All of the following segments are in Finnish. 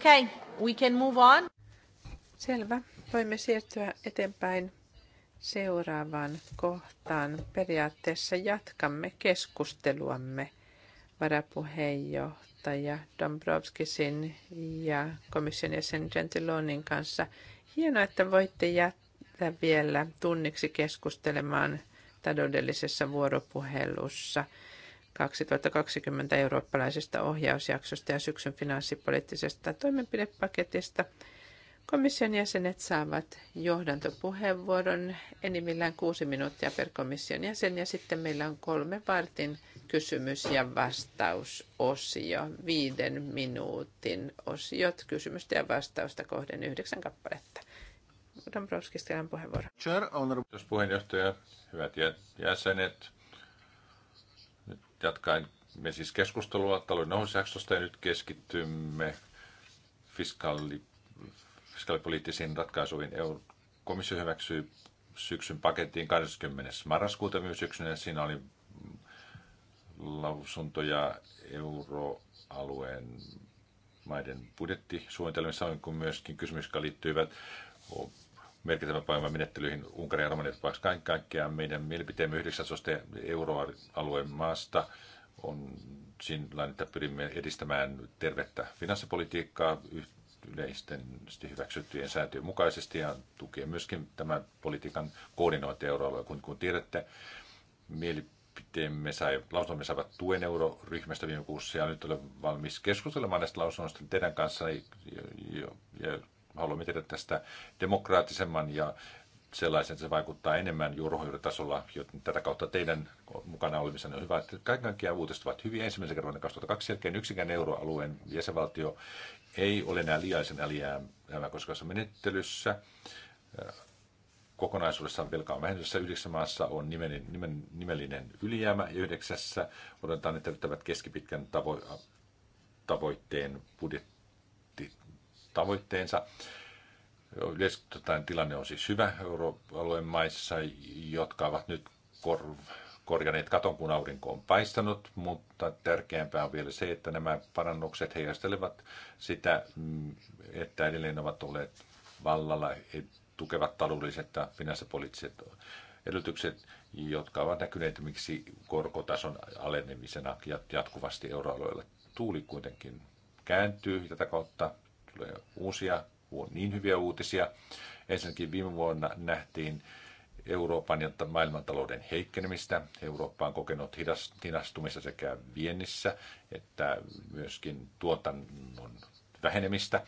Okay, we can move on. Selvä. Voimme siirtyä eteenpäin seuraavaan kohtaan. Periaatteessa jatkamme keskusteluamme varapuheenjohtaja Dombrovskisin ja komission jäsen Gentilonin kanssa. Hienoa, että voitte jättää vielä tunniksi keskustelemaan taloudellisessa vuoropuhelussa 2020 eurooppalaisesta ohjausjaksosta ja syksyn finanssipoliittisesta toimenpidepaketista. Komission jäsenet saavat johdantopuheenvuoron enimmillään kuusi minuuttia per komission jäsen ja sitten meillä on kolme vartin kysymys- ja vastausosio, viiden minuutin osiot kysymystä ja vastausta kohden yhdeksän kappaletta. Dombrovskis, teidän puheenvuoro. Chair, Kiitos puheenjohtaja, hyvät jäsenet me siis keskustelua talouden ohjausjaksosta ja nyt keskittymme fiskaali, fiskaalipoliittisiin ratkaisuihin. EU komissio hyväksyi syksyn pakettiin 20. marraskuuta myös syksynä. Siinä oli lausuntoja euroalueen maiden budjettisuunnitelmissa, kuin myöskin kysymys, jotka liittyivät merkittävän päivän menettelyihin Unkarin ja Romanian tapauksessa kaikki kaikkiaan meidän mielipiteemme 19 euroalueen maasta on sillä että pyrimme edistämään tervettä finanssipolitiikkaa yleisten hyväksyttyjen sääntöjen mukaisesti ja tukee myöskin tämän politiikan koordinointi euroalueen. Kun, kun tiedätte, mielipiteemme sai, lausunnomme saivat tuen euroryhmästä viime kuussa ja nyt olen valmis keskustelemaan näistä lausunnoista teidän kanssa ja, ja, ja haluamme tehdä tästä demokraattisemman ja sellaisen, että se vaikuttaa enemmän juurohjuuritasolla, joten tätä kautta teidän mukana olemisen on hyvä. Että kaiken kaikkiaan uutiset ovat hyvin ensimmäisen kerran 2002 jälkeen yksikään euroalueen jäsenvaltio ei ole enää liiallisen alijäämää koskevassa menettelyssä. Kokonaisuudessaan velka on vähennyssä. Yhdeksässä maassa on nimen, nimen, nimellinen ylijäämä ja yhdeksässä odotetaan, että keskipitkän tavo, tavoitteen budjetti tavoitteensa. Yleisesti tilanne on siis hyvä euroalueen maissa, jotka ovat nyt kor- korjaneet katon, kun aurinko on paistanut, mutta tärkeämpää on vielä se, että nämä parannukset heijastelevat sitä, että edelleen ovat olleet vallalla tukevat taloudelliset ja finanssipoliittiset edellytykset, jotka ovat näkyneet miksi korkotason alenemisena jatkuvasti euroalueella. Tuuli kuitenkin kääntyy tätä kautta tulee uusia, niin hyviä uutisia. Ensinnäkin viime vuonna nähtiin Euroopan ja maailmantalouden heikkenemistä. Eurooppa on kokenut hidastumista sekä viennissä että myöskin tuotannon vähenemistä.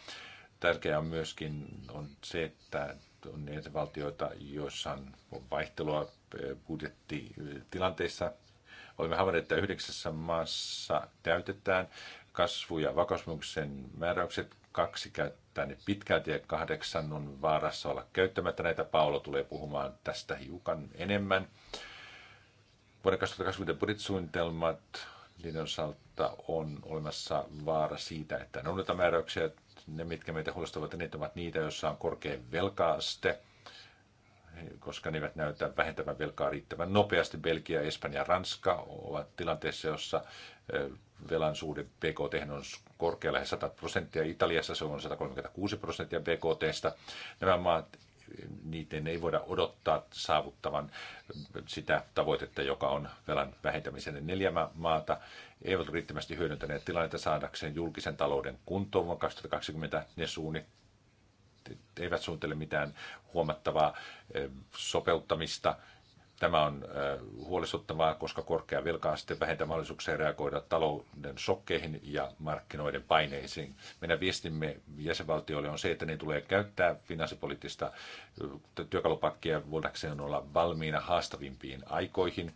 Tärkeää on myöskin on se, että on niitä valtioita, joissa on vaihtelua eh, budjettitilanteissa. Olemme havainneet, että yhdeksässä maassa täytetään kasvu- ja vakausmuksen määräykset kaksi käyttää ne pitkälti ja kahdeksan on vaarassa olla käyttämättä näitä. Paolo tulee puhumaan tästä hiukan enemmän. Vuoden 2020 budjettisuunnitelmat niiden osalta on olemassa vaara siitä, että noudata määräyksiä. Ne, mitkä meitä huolestuvat eniten, ovat niitä, joissa on korkein velkaaste, koska ne eivät näytä vähentävän velkaa riittävän nopeasti. Belgia, Espanja ja Ranska ovat tilanteessa, jossa velan suhde BKT on korkea lähes 100 prosenttia. Italiassa se on 136 prosenttia BKTstä. Nämä maat niiden ei voida odottaa saavuttavan sitä tavoitetta, joka on velan vähentämisen. Neljä maata eivät riittävästi hyödyntäneet tilannetta saadakseen julkisen talouden kuntoon vuonna 2020. Ne suunnit eivät suunnittele mitään huomattavaa eh, sopeuttamista Tämä on äh, huolestuttavaa, koska korkea velkaaste vähentää mahdollisuuksia reagoida talouden sokkeihin ja markkinoiden paineisiin. Meidän viestimme jäsenvaltioille on se, että ne tulee käyttää finanssipoliittista äh, työkalupakkia voidakseen olla valmiina haastavimpiin aikoihin.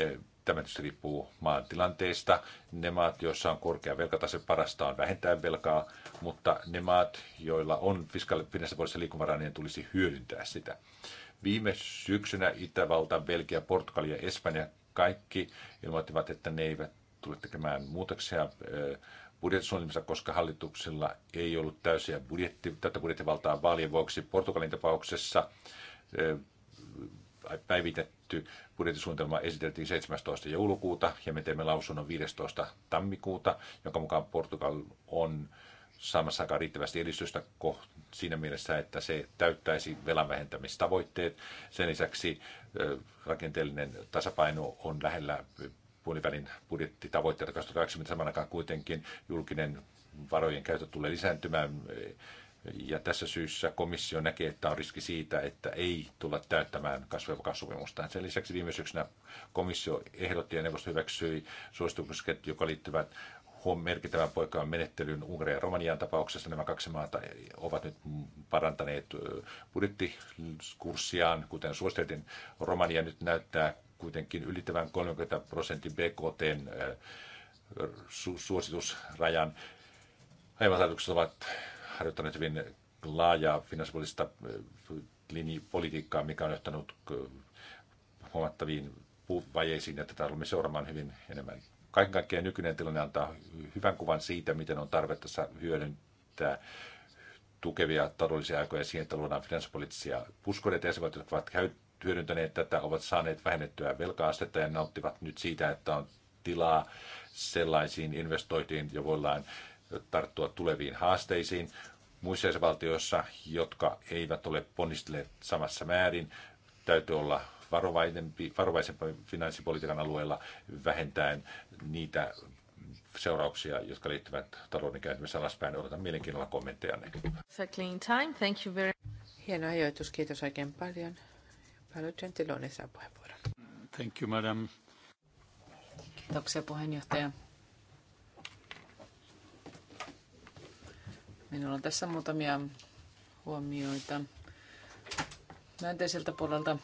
Äh, tämä tietysti riippuu maan tilanteesta. Ne maat, joissa on korkea velkatase, parasta on vähentää velkaa, mutta ne maat, joilla on finanssipoliittisen liikumavaraa, niin tulisi hyödyntää sitä. Viime syksynä Itävalta, Belgia, Portugali ja Espanja kaikki ilmoittivat, että ne eivät tule tekemään muutoksia eh, budjettisuunnitelmissa, koska hallituksella ei ollut täysiä budjetti, tätä budjettivaltaa vaalien vuoksi. Portugalin tapauksessa eh, päivitetty budjettisuunnitelma esiteltiin 17. joulukuuta ja me teemme lausunnon 15. tammikuuta, jonka mukaan Portugal on saamassakaan riittävästi edistystä siinä mielessä, että se täyttäisi velan vähentämistavoitteet. Sen lisäksi rakenteellinen tasapaino on lähellä puolivälin budjettitavoitteita 2020 saman aikaan kuitenkin julkinen varojen käyttö tulee lisääntymään. Ja tässä syyssä komissio näkee, että on riski siitä, että ei tulla täyttämään kasvavakaussopimusta. Sen lisäksi viime syksynä komissio ehdotti ja neuvosto hyväksyi suosituksen, jotka liittyvät merkittävän poikkeavan menettelyn Unkarin ja Romanian tapauksessa. Nämä kaksi maata ovat nyt parantaneet budjettikurssiaan, kuten suositeltiin. Romania nyt näyttää kuitenkin ylittävän 30 prosentin BKT su- suositusrajan. Aivan ovat harjoittaneet hyvin laajaa finanssipoliittista linjipolitiikkaa, mikä on johtanut huomattaviin vajeisiin, ja tätä tulemme seuraamaan hyvin enemmän kaiken kaikkiaan nykyinen tilanne antaa hyvän kuvan siitä, miten on tarvetta hyödyntää tukevia taloudellisia aikoja siihen, että luodaan finanssipoliittisia puskureita. Jäsenvaltiot, jotka ovat hyödyntäneet tätä, ovat saaneet vähennettyä velka-astetta ja nauttivat nyt siitä, että on tilaa sellaisiin investointiin, jo voidaan tarttua tuleviin haasteisiin. Muissa jäsenvaltioissa, jotka eivät ole ponnistelleet samassa määrin, täytyy olla varovaisempi, finanssipolitiikan alueella vähentäen niitä seurauksia, jotka liittyvät talouden kääntymiseen alaspäin. Odotan mielenkiinnolla kommentteja. Thank you very... Hieno ajoitus, kiitos oikein paljon. Paolo Gentiloni saa puheenvuoron. Thank you, madam. Kiitoksia puheenjohtaja. Minulla on tässä muutamia huomioita myönteiseltä puolelta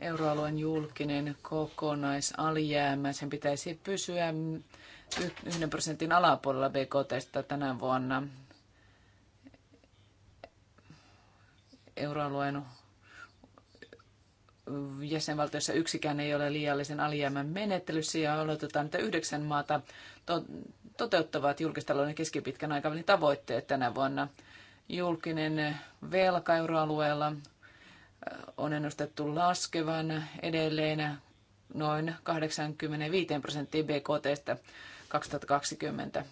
euroalueen julkinen kokonaisalijäämä. Sen pitäisi pysyä yhden prosentin alapuolella BKT tänä vuonna. Euroalueen jäsenvaltiossa yksikään ei ole liiallisen alijäämän menettelyssä ja oletetaan, että yhdeksän maata to- toteuttavat julkistalouden keskipitkän aikavälin tavoitteet tänä vuonna. Julkinen velka euroalueella on ennustettu laskevan edelleen noin 85 prosenttia BKTstä 2020.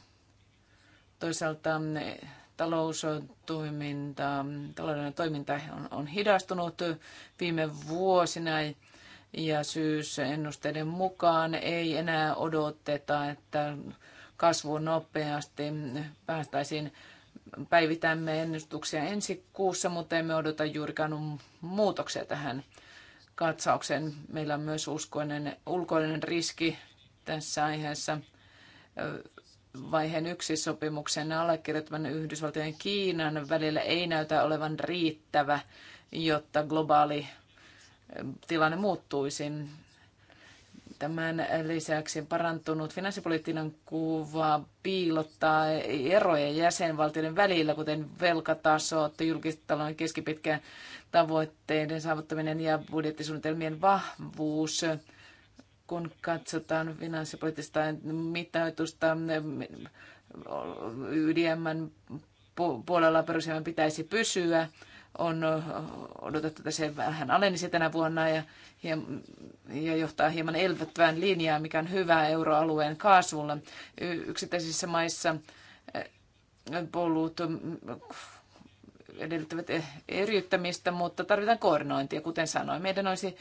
Toisaalta mm, taloustoiminta, talouden toiminta on, on hidastunut viime vuosina ja syysennusteiden mukaan ei enää odoteta, että kasvu nopeasti päästäisiin päivitämme ennustuksia ensi kuussa, mutta emme odota juurikaan muutoksia tähän katsaukseen. Meillä on myös uskoinen, ulkoinen riski tässä aiheessa. Vaiheen yksi sopimuksen allekirjoittaman Yhdysvaltojen ja Kiinan välillä ei näytä olevan riittävä, jotta globaali tilanne muuttuisi. Tämän lisäksi parantunut finanssipoliittinen kuva piilottaa eroja jäsenvaltioiden välillä, kuten velkatasot, julkistalouden keskipitkän tavoitteiden saavuttaminen ja budjettisuunnitelmien vahvuus. Kun katsotaan finanssipoliittista mitoitusta, YDM puolella perusjelmän pitäisi pysyä on odotettu, että se vähän alenisi tänä vuonna ja, ja, ja johtaa hieman elvyttävään linjaan, mikä on hyvä euroalueen kaasulla. Yksittäisissä maissa polut edellyttävät e-, eriyttämistä, mutta tarvitaan koordinointia, kuten sanoin. Meidän olisi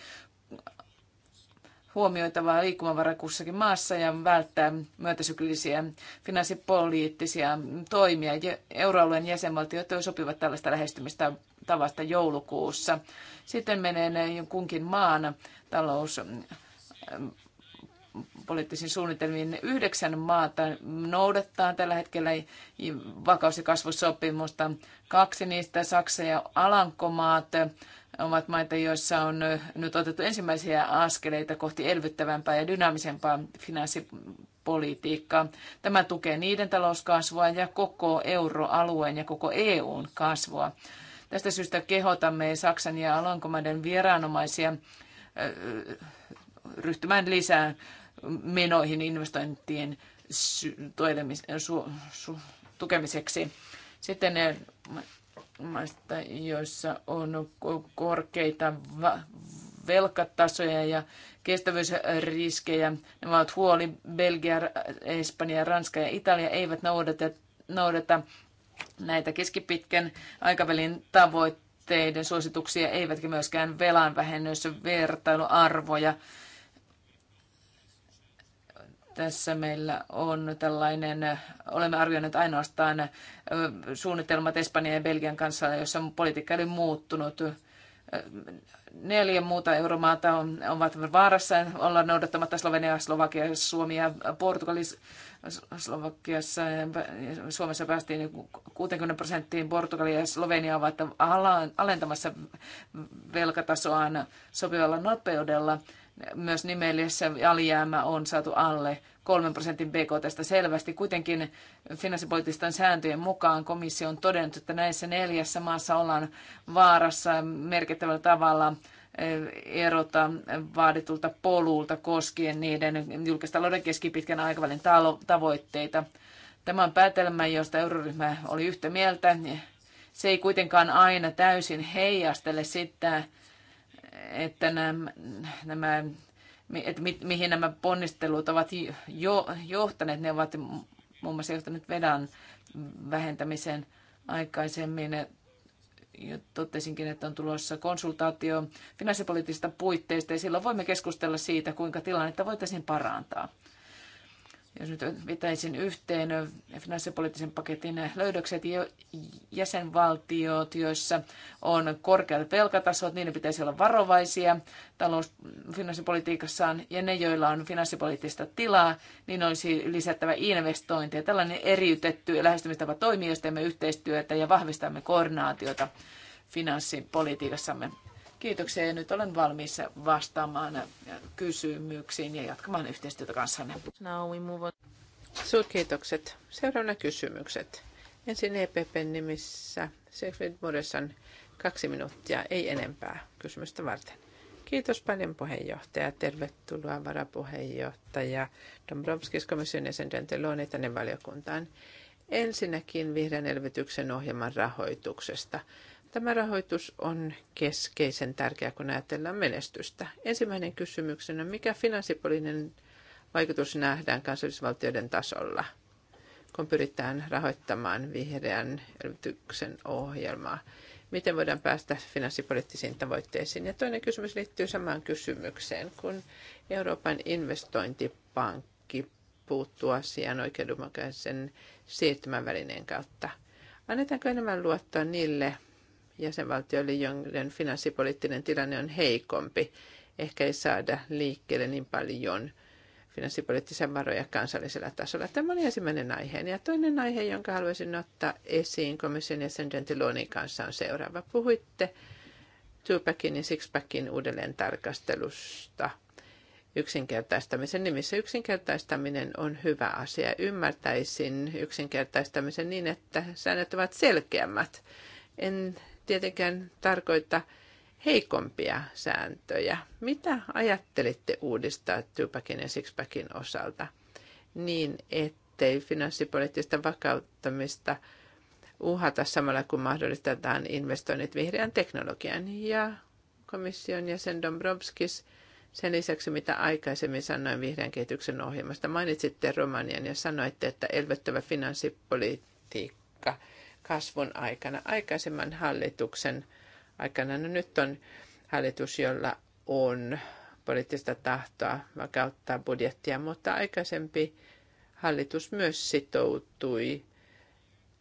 huomioitavaa liikkumavara kussakin maassa ja välttää myötäsyklisiä finanssipoliittisia toimia. Euroalueen jäsenvaltiot sopivat tällaista lähestymistä tavasta joulukuussa. Sitten menee kunkin maan talous poliittisiin suunnitelmiin. Yhdeksän maata noudattaa tällä hetkellä vakaus- ja kasvusopimusta. Kaksi niistä, Saksa ja Alankomaat, ovat maita, joissa on nyt otettu ensimmäisiä askeleita kohti elvyttävämpää ja dynaamisempaa finanssipolitiikkaa. Tämä tukee niiden talouskasvua ja koko euroalueen ja koko EUn kasvua. Tästä syystä kehotamme Saksan ja Alankomaiden viranomaisia ryhtymään lisää menoihin investointien su- tukemiseksi. Sitten maista, joissa on korkeita velkatasoja ja kestävyysriskejä. Nämä ovat huoli. Belgia, Espanja, Ranska ja Italia eivät noudata, noudata näitä keskipitkän aikavälin tavoitteiden suosituksia, eivätkä myöskään velan vähennys vertailuarvoja. Tässä meillä on tällainen, olemme arvioineet ainoastaan suunnitelmat Espanjan ja Belgian kanssa, jossa politiikka oli muuttunut. Neljä muuta euromaata on, ovat vaarassa olla noudattamatta Slovenia, Slovakia, Suomi ja Portugali. Slovakiassa Suomessa päästiin 60 prosenttiin, Portugali ja Slovenia ovat alentamassa velkatasoaan sopivalla nopeudella myös nimellisessä alijäämä on saatu alle 3 prosentin BKTstä selvästi. Kuitenkin finanssipoliittisten sääntöjen mukaan komissio on todennut, että näissä neljässä maassa ollaan vaarassa merkittävällä tavalla eh, erota vaaditulta polulta koskien niiden julkistalouden keskipitkän aikavälin tavoitteita. Tämä on päätelmä, josta euroryhmä oli yhtä mieltä. Se ei kuitenkaan aina täysin heijastele sitä, että nämä, nämä että mi, mihin nämä ponnistelut ovat jo, johtaneet. Ne ovat muun muassa johtaneet vedan vähentämiseen aikaisemmin. Jo totesinkin, että on tulossa konsultaatio finanssipoliittisista puitteista ja silloin voimme keskustella siitä, kuinka tilannetta voitaisiin parantaa jos nyt vetäisin yhteen finanssipoliittisen paketin löydökset, jäsenvaltiot, joissa on korkeat velkatasot, ne pitäisi olla varovaisia talous- finanssipolitiikassaan, ja ne, joilla on finanssipoliittista tilaa, niin olisi lisättävä investointeja. Tällainen eriytetty lähestymistapa toimii, jos teemme yhteistyötä ja vahvistamme koordinaatiota finanssipolitiikassamme. Kiitoksia ja nyt olen valmis vastaamaan kysymyksiin ja jatkamaan yhteistyötä kanssanne. Now we move on. Seuraavana kysymykset. Ensin EPPn nimissä Sigrid Moressan kaksi minuuttia, ei enempää kysymystä varten. Kiitos paljon puheenjohtaja. Tervetuloa varapuheenjohtaja Dombrovskis komission jäsen Gentiloni tänne valiokuntaan. Ensinnäkin vihreän elvytyksen ohjelman rahoituksesta. Tämä rahoitus on keskeisen tärkeä, kun ajatellaan menestystä. Ensimmäinen kysymyksenä, mikä finanssipolinen vaikutus nähdään kansallisvaltioiden tasolla, kun pyritään rahoittamaan vihreän elvytyksen ohjelmaa? Miten voidaan päästä finanssipoliittisiin tavoitteisiin? Ja toinen kysymys liittyy samaan kysymykseen, kun Euroopan investointipankki puuttuu asiaan oikeudenmukaisen siirtymävälineen kautta. Annetaanko enemmän luottoa niille jäsenvaltioille, joiden finanssipoliittinen tilanne on heikompi. Ehkä ei saada liikkeelle niin paljon finanssipoliittisia varoja kansallisella tasolla. Tämä oli ensimmäinen aihe. Ja toinen aihe, jonka haluaisin ottaa esiin komission jäsen Gentilonin kanssa on seuraava. Puhuitte Tupakin ja Sixpackin uudelleen tarkastelusta yksinkertaistamisen nimissä. Yksinkertaistaminen on hyvä asia. Ymmärtäisin yksinkertaistamisen niin, että säännöt ovat selkeämmät. En tietenkään tarkoita heikompia sääntöjä. Mitä ajattelitte uudistaa Tupakin ja Sixpackin osalta niin, ettei finanssipoliittista vakauttamista uhata samalla kun mahdollistetaan investoinnit vihreän teknologian ja komission jäsen Dombrovskis sen lisäksi, mitä aikaisemmin sanoin vihreän kehityksen ohjelmasta, mainitsitte Romanian ja sanoitte, että elvyttävä finanssipolitiikka – kasvun aikana. Aikaisemman hallituksen aikana, no nyt on hallitus, jolla on poliittista tahtoa vakauttaa budjettia, mutta aikaisempi hallitus myös sitoutui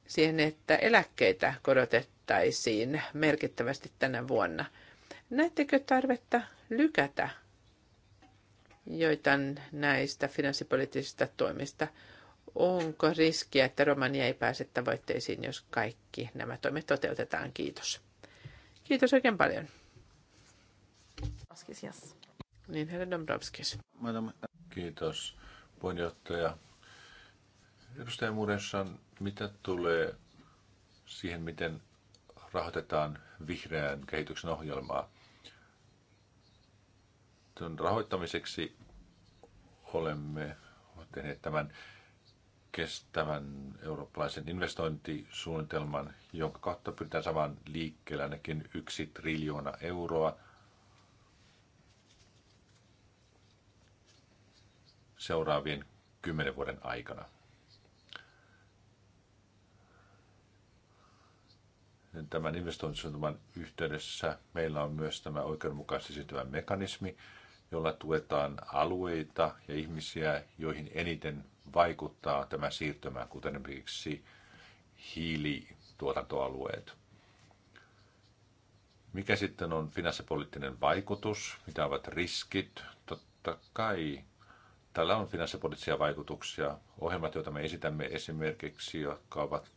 siihen, että eläkkeitä korotettaisiin merkittävästi tänä vuonna. Näettekö tarvetta lykätä joitain näistä finanssipoliittisista toimista? onko riskiä, että Romania ei pääse tavoitteisiin, jos kaikki nämä toimet toteutetaan? Kiitos. Kiitos oikein paljon. Niin, herra Dombrovskis. Kiitos, puheenjohtaja. Edustaja Muresan, mitä tulee siihen, miten rahoitetaan vihreän kehityksen ohjelmaa? Tuon rahoittamiseksi olemme tehneet tämän kestävän eurooppalaisen investointisuunnitelman, jonka kautta pyritään saman liikkeelle ainakin yksi triljoona euroa. seuraavien kymmenen vuoden aikana. Tämän investointisuunnitelman yhteydessä meillä on myös tämä oikeudenmukaisesti siirtyvä mekanismi, jolla tuetaan alueita ja ihmisiä, joihin eniten vaikuttaa tämä siirtymä, kuten esimerkiksi hiilituotantoalueet. Mikä sitten on finanssipoliittinen vaikutus? Mitä ovat riskit? Totta kai tällä on finanssipoliittisia vaikutuksia. Ohjelmat, joita me esitämme esimerkiksi, jotka ovat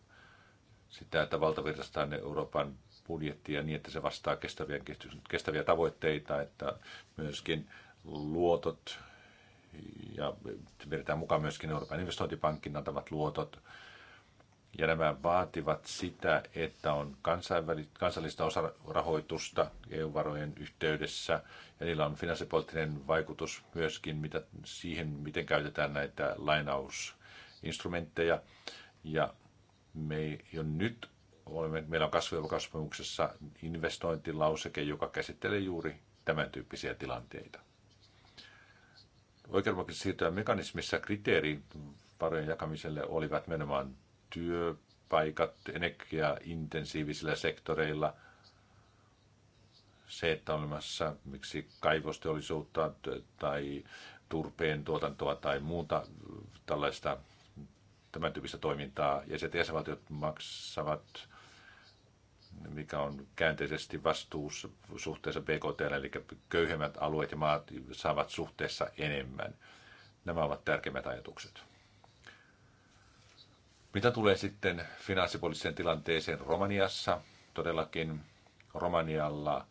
sitä, että valtavirtaistaan Euroopan budjettia niin, että se vastaa kestäviä, kestäviä tavoitteita, että myöskin luotot ja vedetään mukaan myöskin Euroopan investointipankin antavat luotot. Ja nämä vaativat sitä, että on kansallista osarahoitusta EU-varojen yhteydessä, ja niillä on finanssipoliittinen vaikutus myöskin mitä, siihen, miten käytetään näitä lainausinstrumentteja. Ja me jo nyt olemme, meillä on ja investointilauseke, joka käsittelee juuri tämän tyyppisiä tilanteita oikeudenmukaisesti siirtyä mekanismissa kriteeri varojen jakamiselle olivat menemään työpaikat energiaintensiivisillä sektoreilla, se, että on olemassa miksi kaivosteollisuutta tai turpeen tuotantoa tai muuta tällaista tämän tyyppistä toimintaa, ja se, että jäsenvaltiot maksavat mikä on käänteisesti vastuussa suhteessa BKT, eli köyhemmät alueet ja maat saavat suhteessa enemmän. Nämä ovat tärkeimmät ajatukset. Mitä tulee sitten finanssipoliittiseen tilanteeseen Romaniassa? Todellakin Romanialla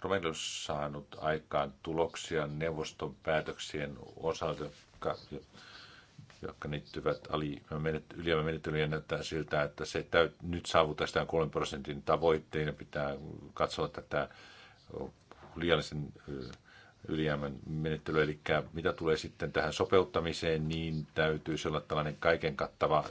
Romania on saanut aikaan tuloksia neuvoston päätöksien osalta, jotka liittyvät ylijäämämenettelyyn, näyttää siltä, että se täyt, nyt saavuttaa sitä 3 prosentin tavoitteen ja pitää katsoa tätä liiallisen ylijäämän menettely. Eli mitä tulee sitten tähän sopeuttamiseen, niin täytyisi olla tällainen kaiken kattava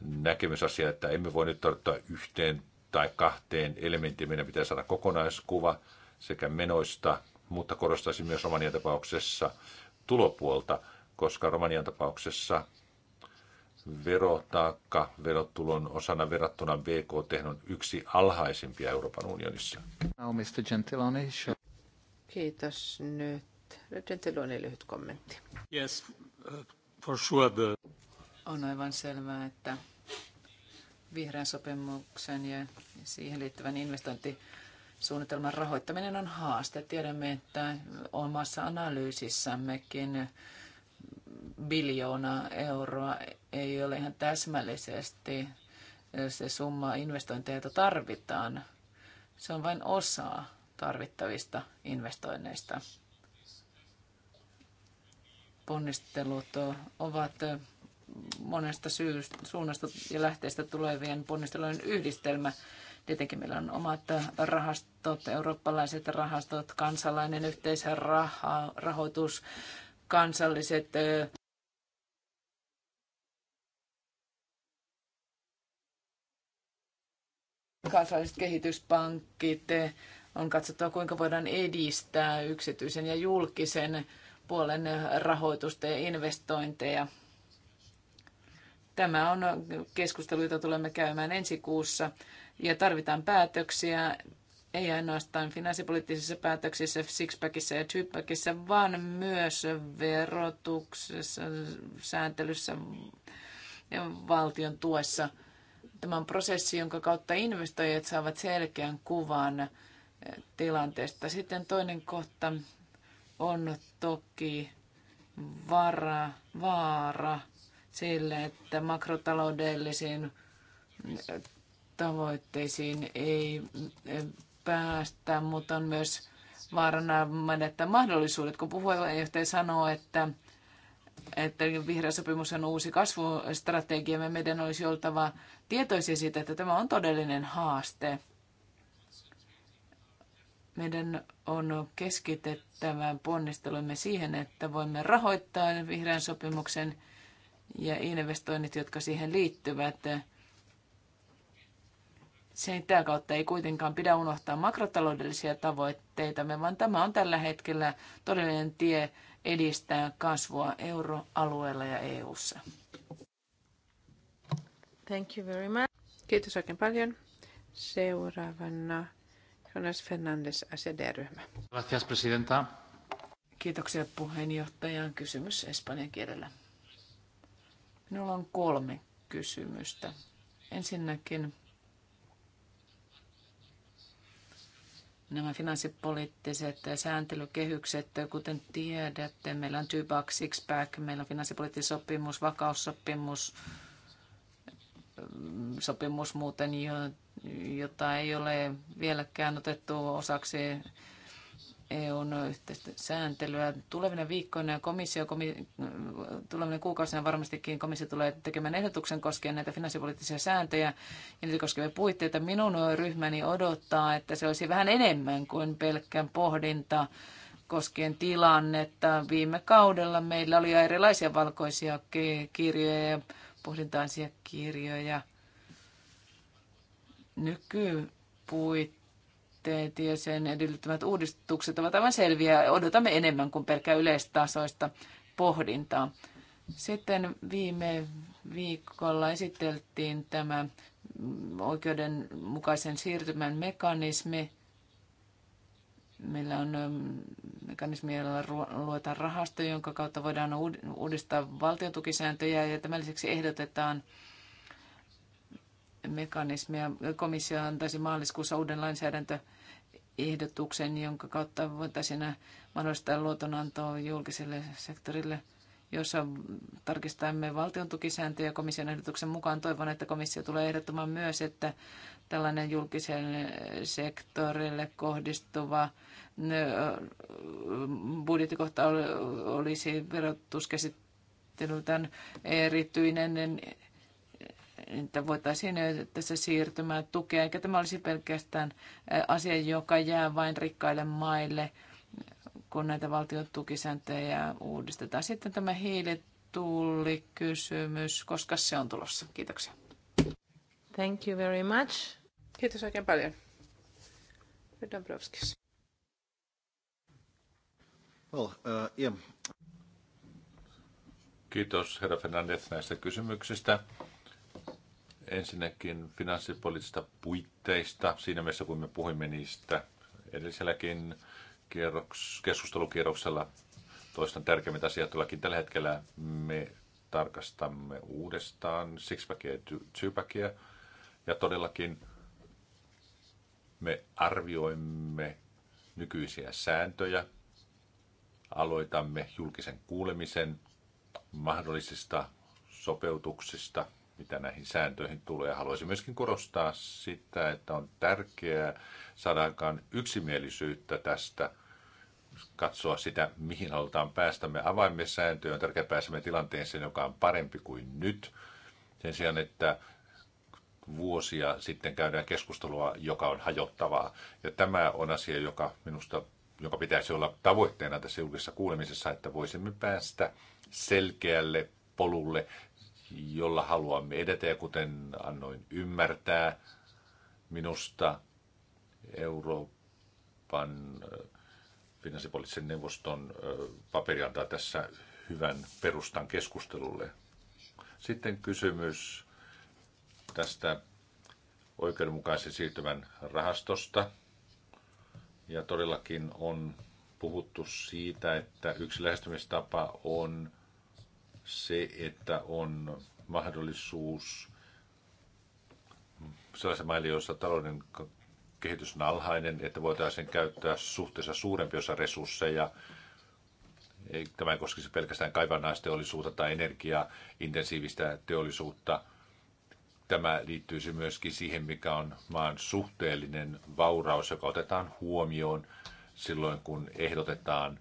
näkemysasia, että emme voi nyt tarttua yhteen tai kahteen elementtiin. Meidän pitää saada kokonaiskuva sekä menoista, mutta korostaisin myös Romania tapauksessa tulopuolta – koska Romanian tapauksessa verotaakka verotulon osana verrattuna BKT on yksi alhaisimpia Euroopan unionissa. Kiitos nyt. Gentiloni lyhyt kommentti. Yes, uh, for sure the... On aivan selvää, että vihreän sopimuksen ja siihen liittyvän investointisuunnitelman rahoittaminen on haaste. Tiedämme, että omassa analyysissämmekin biljoonaa euroa ei ole ihan täsmällisesti se summa investointeja, joita tarvitaan. Se on vain osa tarvittavista investoinneista. Ponnistelut ovat monesta syystä, suunnasta ja lähteestä tulevien ponnistelujen yhdistelmä. Tietenkin meillä on omat rahastot, eurooppalaiset rahastot, kansalainen yhteisrahoitus, kansalliset kansalliset kehityspankit. Eh, on katsottava, kuinka voidaan edistää yksityisen ja julkisen puolen eh, rahoitusta ja investointeja. Tämä on keskustelu, jota tulemme käymään ensi kuussa ja tarvitaan päätöksiä, ei ainoastaan finanssipoliittisissa päätöksissä, sixpackissa ja twopackissa, vaan myös verotuksessa, sääntelyssä ja valtion tuessa – Tämä on prosessi, jonka kautta investoijat saavat selkeän kuvan eh, tilanteesta. Sitten toinen kohta on toki vara, vaara sille, että makrotaloudellisiin eh, tavoitteisiin ei eh, päästä, mutta on myös vaarana että mahdollisuudet. Kun puheenjohtaja sanoo, että että vihreä sopimus on uusi kasvustrategia. Me meidän olisi oltava tietoisia siitä, että tämä on todellinen haaste. Meidän on keskitettävä ponnistelumme siihen, että voimme rahoittaa vihreän sopimuksen ja investoinnit, jotka siihen liittyvät. Sen tämä kautta ei kuitenkaan pidä unohtaa makrotaloudellisia tavoitteita, vaan tämä on tällä hetkellä todellinen tie edistää kasvua euroalueella ja EU:ssa. Thank you very much. Kiitos oikein paljon. Seuraavana Jonas Fernandes, SED-ryhmä. Gracias, presidenta. Kiitoksia puheenjohtajaan. Kysymys espanjan kielellä. Minulla on kolme kysymystä. Ensinnäkin nämä finanssipoliittiset sääntelykehykset, kuten tiedätte, meillä on Tybac, Sixpack, meillä on finanssipoliittinen sopimus, vakaussopimus, sopimus muuten, jota ei ole vieläkään otettu osaksi EUn sääntelyä. Tulevina viikkoina komissio, komi, tulevina kuukausina varmastikin komissio tulee tekemään ehdotuksen koskien näitä finanssipoliittisia sääntöjä ja niitä koskevia puitteita. Minun ryhmäni odottaa, että se olisi vähän enemmän kuin pelkkän pohdinta koskien tilannetta. Viime kaudella meillä oli erilaisia valkoisia kirjoja ja pohdintaisia kirjoja. Nykypuitteita tavoitteet ja sen edellyttämät uudistukset ovat aivan selviä. Odotamme enemmän kuin pelkkää yleistasoista pohdintaa. Sitten viime viikolla esiteltiin tämä oikeudenmukaisen siirtymän mekanismi. Meillä on ähm, mekanismi, jolla luetaan rahasto, jonka kautta voidaan uudistaa valtiotukisääntöjä ja tämän lisäksi ehdotetaan mekanismia. Komissio antaisi maaliskuussa uuden lainsäädäntö ehdotuksen, jonka kautta voitaisiin mahdollistaa luotonantoa julkiselle sektorille, jossa tarkistamme valtion tukisääntöjä komission ehdotuksen mukaan. Toivon, että komissio tulee ehdottamaan myös, että tällainen julkiselle sektorille kohdistuva budjettikohta olisi verotuskäsittelyltään erityinen että voitaisiin tässä siirtymää tukea, eikä tämä olisi pelkästään asia, joka jää vain rikkaille maille, kun näitä valtion tukisääntöjä uudistetaan. Sitten tämä hiilitullikysymys, koska se on tulossa. Kiitoksia. Thank you very much. Kiitos oikein paljon. Dobrovskis. Well, uh, yeah. Kiitos herra Fernandez näistä kysymyksistä. Ensinnäkin finanssipoliittisista puitteista, siinä mielessä kun me puhuimme niistä edelliselläkin kierroks, keskustelukierroksella, toistan tärkeimmät asiat, jollakin tällä hetkellä me tarkastamme uudestaan sixpackia ja twopackia, ja todellakin me arvioimme nykyisiä sääntöjä, aloitamme julkisen kuulemisen mahdollisista sopeutuksista mitä näihin sääntöihin tulee. Haluaisin myöskin korostaa sitä, että on tärkeää saada aikaan yksimielisyyttä tästä, katsoa sitä, mihin halutaan päästä. Me avaimme sääntöjä, on tärkeää pääsemme tilanteeseen, joka on parempi kuin nyt. Sen sijaan, että vuosia sitten käydään keskustelua, joka on hajottavaa. Ja tämä on asia, joka minusta joka pitäisi olla tavoitteena tässä julkisessa kuulemisessa, että voisimme päästä selkeälle polulle jolla haluamme edetä. Ja kuten annoin ymmärtää, minusta Euroopan finanssipoliittisen neuvoston paperi antaa tässä hyvän perustan keskustelulle. Sitten kysymys tästä oikeudenmukaisen siirtymän rahastosta. Ja todellakin on puhuttu siitä, että yksi lähestymistapa on – se, että on mahdollisuus sellaisen maille, joissa talouden kehitys on alhainen, että voitaisiin käyttää suhteessa suurempi osa resursseja. Tämä ei koskisi pelkästään kaivannaisteollisuutta tai energiaa, intensiivistä teollisuutta. Tämä liittyisi myöskin siihen, mikä on maan suhteellinen vauraus, joka otetaan huomioon silloin, kun ehdotetaan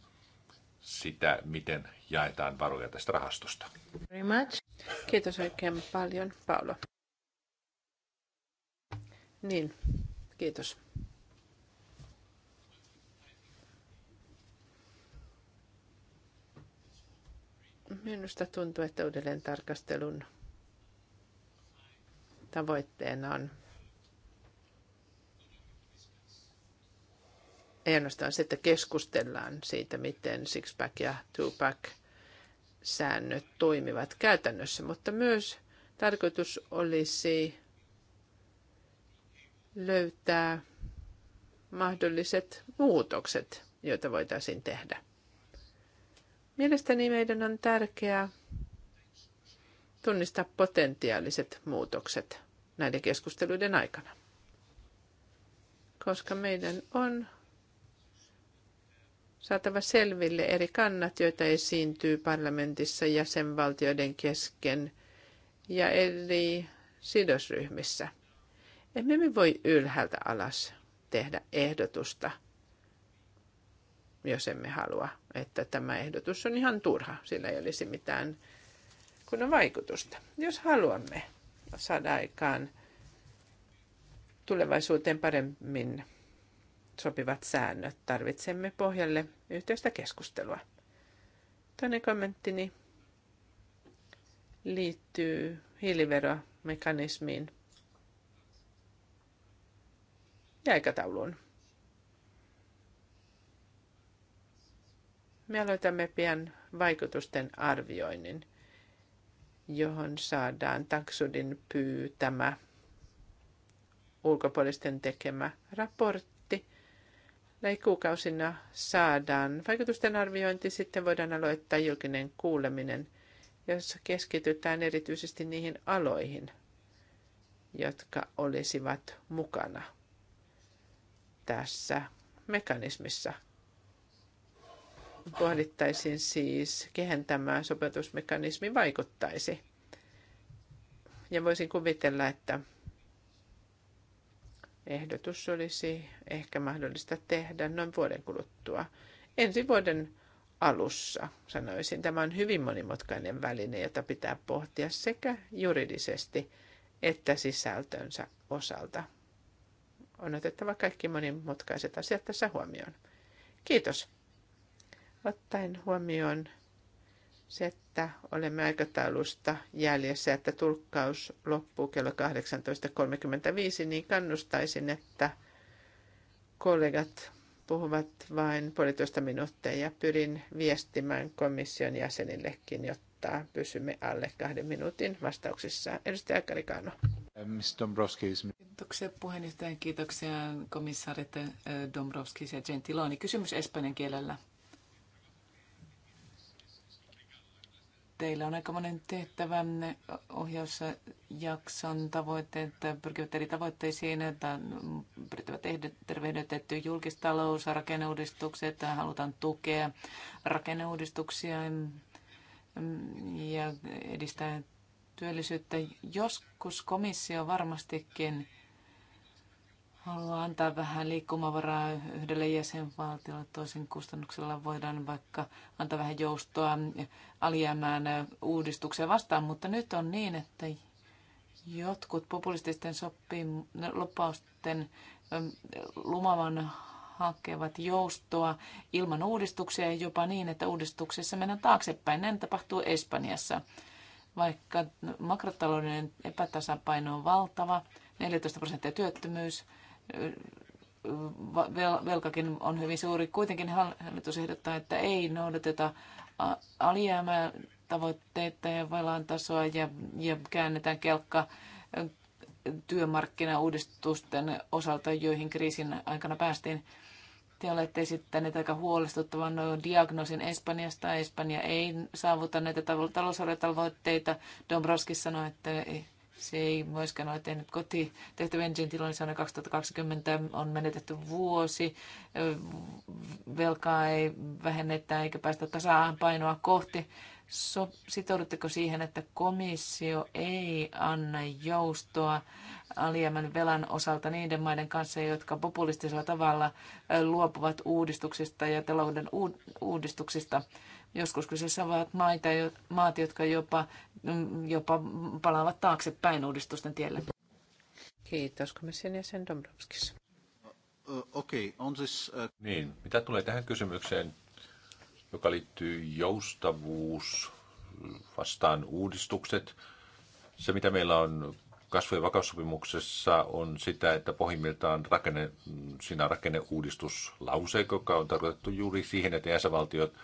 sitä, miten jaetaan varoja tästä rahastosta. Very much. Kiitos oikein paljon, Paolo. Niin, kiitos. Minusta tuntuu, että uudelleen tarkastelun tavoitteena on Ei ainoastaan se, että keskustellaan siitä, miten Sixpack ja two-pack säännöt toimivat käytännössä, mutta myös tarkoitus olisi löytää mahdolliset muutokset, joita voitaisiin tehdä. Mielestäni meidän on tärkeää tunnistaa potentiaaliset muutokset näiden keskusteluiden aikana, koska meidän on saatava selville eri kannat, joita esiintyy parlamentissa jäsenvaltioiden kesken ja eri sidosryhmissä. Emme me voi ylhäältä alas tehdä ehdotusta, jos emme halua, että tämä ehdotus on ihan turha. Sillä ei olisi mitään kunnon vaikutusta. Jos haluamme saada aikaan tulevaisuuteen paremmin sopivat säännöt. Tarvitsemme pohjalle yhteistä keskustelua. Toinen kommenttini liittyy hiiliveromekanismiin ja aikatauluun. Me aloitamme pian vaikutusten arvioinnin, johon saadaan taksudin pyytämä ulkopuolisten tekemä raportti lähikuukausina saadaan vaikutusten arviointi, sitten voidaan aloittaa julkinen kuuleminen, jossa keskitytään erityisesti niihin aloihin, jotka olisivat mukana tässä mekanismissa. Pohdittaisiin siis, kehen tämä sopeutusmekanismi vaikuttaisi. Ja voisin kuvitella, että ehdotus olisi ehkä mahdollista tehdä noin vuoden kuluttua. Ensi vuoden alussa, sanoisin. Tämä on hyvin monimutkainen väline, jota pitää pohtia sekä juridisesti että sisältönsä osalta. On otettava kaikki monimutkaiset asiat tässä huomioon. Kiitos. Ottaen huomioon se, että olemme aikataulusta jäljessä, että tulkkaus loppuu kello 18.35, niin kannustaisin, että kollegat puhuvat vain puolitoista minuuttia ja pyrin viestimään komission jäsenillekin, jotta pysymme alle kahden minuutin vastauksissa. Edustaja Karikano. Kiitoksia puheenjohtajan, kiitoksia komissaarit eh, Dombrovskis ja Gentiloni. Kysymys espanjan kielellä. teillä on aika monen ohjaussa ohjausjakson tavoitteet, pyrkivät eri tavoitteisiin, että pyrittävät tervehdytettyä julkistalous, rakenneuudistukset, halutaan tukea rakenneuudistuksia ja edistää työllisyyttä. Joskus komissio varmastikin halua antaa vähän liikkumavaraa yhdelle jäsenvaltiolle toisen kustannuksella. Voidaan vaikka antaa vähän joustoa alijäämään uudistuksia vastaan, mutta nyt on niin, että jotkut populististen sopim- lupausten lumavan hakevat joustoa ilman uudistuksia ja jopa niin, että uudistuksessa mennään taaksepäin. Näin tapahtuu Espanjassa. Vaikka makrotalouden epätasapaino on valtava, 14 prosenttia työttömyys, velkakin on hyvin suuri. Kuitenkin hallitus ehdottaa, että ei noudateta alijäämää tavoitteita ja velan tasoa ja, ja käännetään kelkka työmarkkinauudistusten osalta, joihin kriisin aikana päästiin. Te olette esittäneet aika huolestuttavan diagnoosin Espanjasta. Espanja ei saavuta näitä talousarvotavoitteita. Dombrovskis sanoi, että ei, se ei myöskään ole tehnyt kotitehtävien Gentiloni vuonna 2020 on menetetty vuosi. Velkaa ei vähennetä eikä päästä tasapainoa kohti. So, sitoudutteko siihen, että komissio ei anna joustoa alijäämän velan osalta niiden maiden kanssa, jotka populistisella tavalla luopuvat uudistuksista ja talouden uudistuksista? Joskus kyseessä ovat maita, maat, jotka jopa, mm, jopa palaavat taaksepäin uudistusten tielle. Kiitos komission jäsen Dombrovskis. Okei, okay, on siis Uh... Niin, mitä tulee tähän kysymykseen, joka liittyy joustavuus vastaan uudistukset. Se, mitä meillä on kasvu- ja vakaussopimuksessa, on sitä, että pohjimmiltaan rakenne, mm, siinä rakenneuudistuslause, joka on tarkoitettu juuri siihen, että jäsenvaltiot –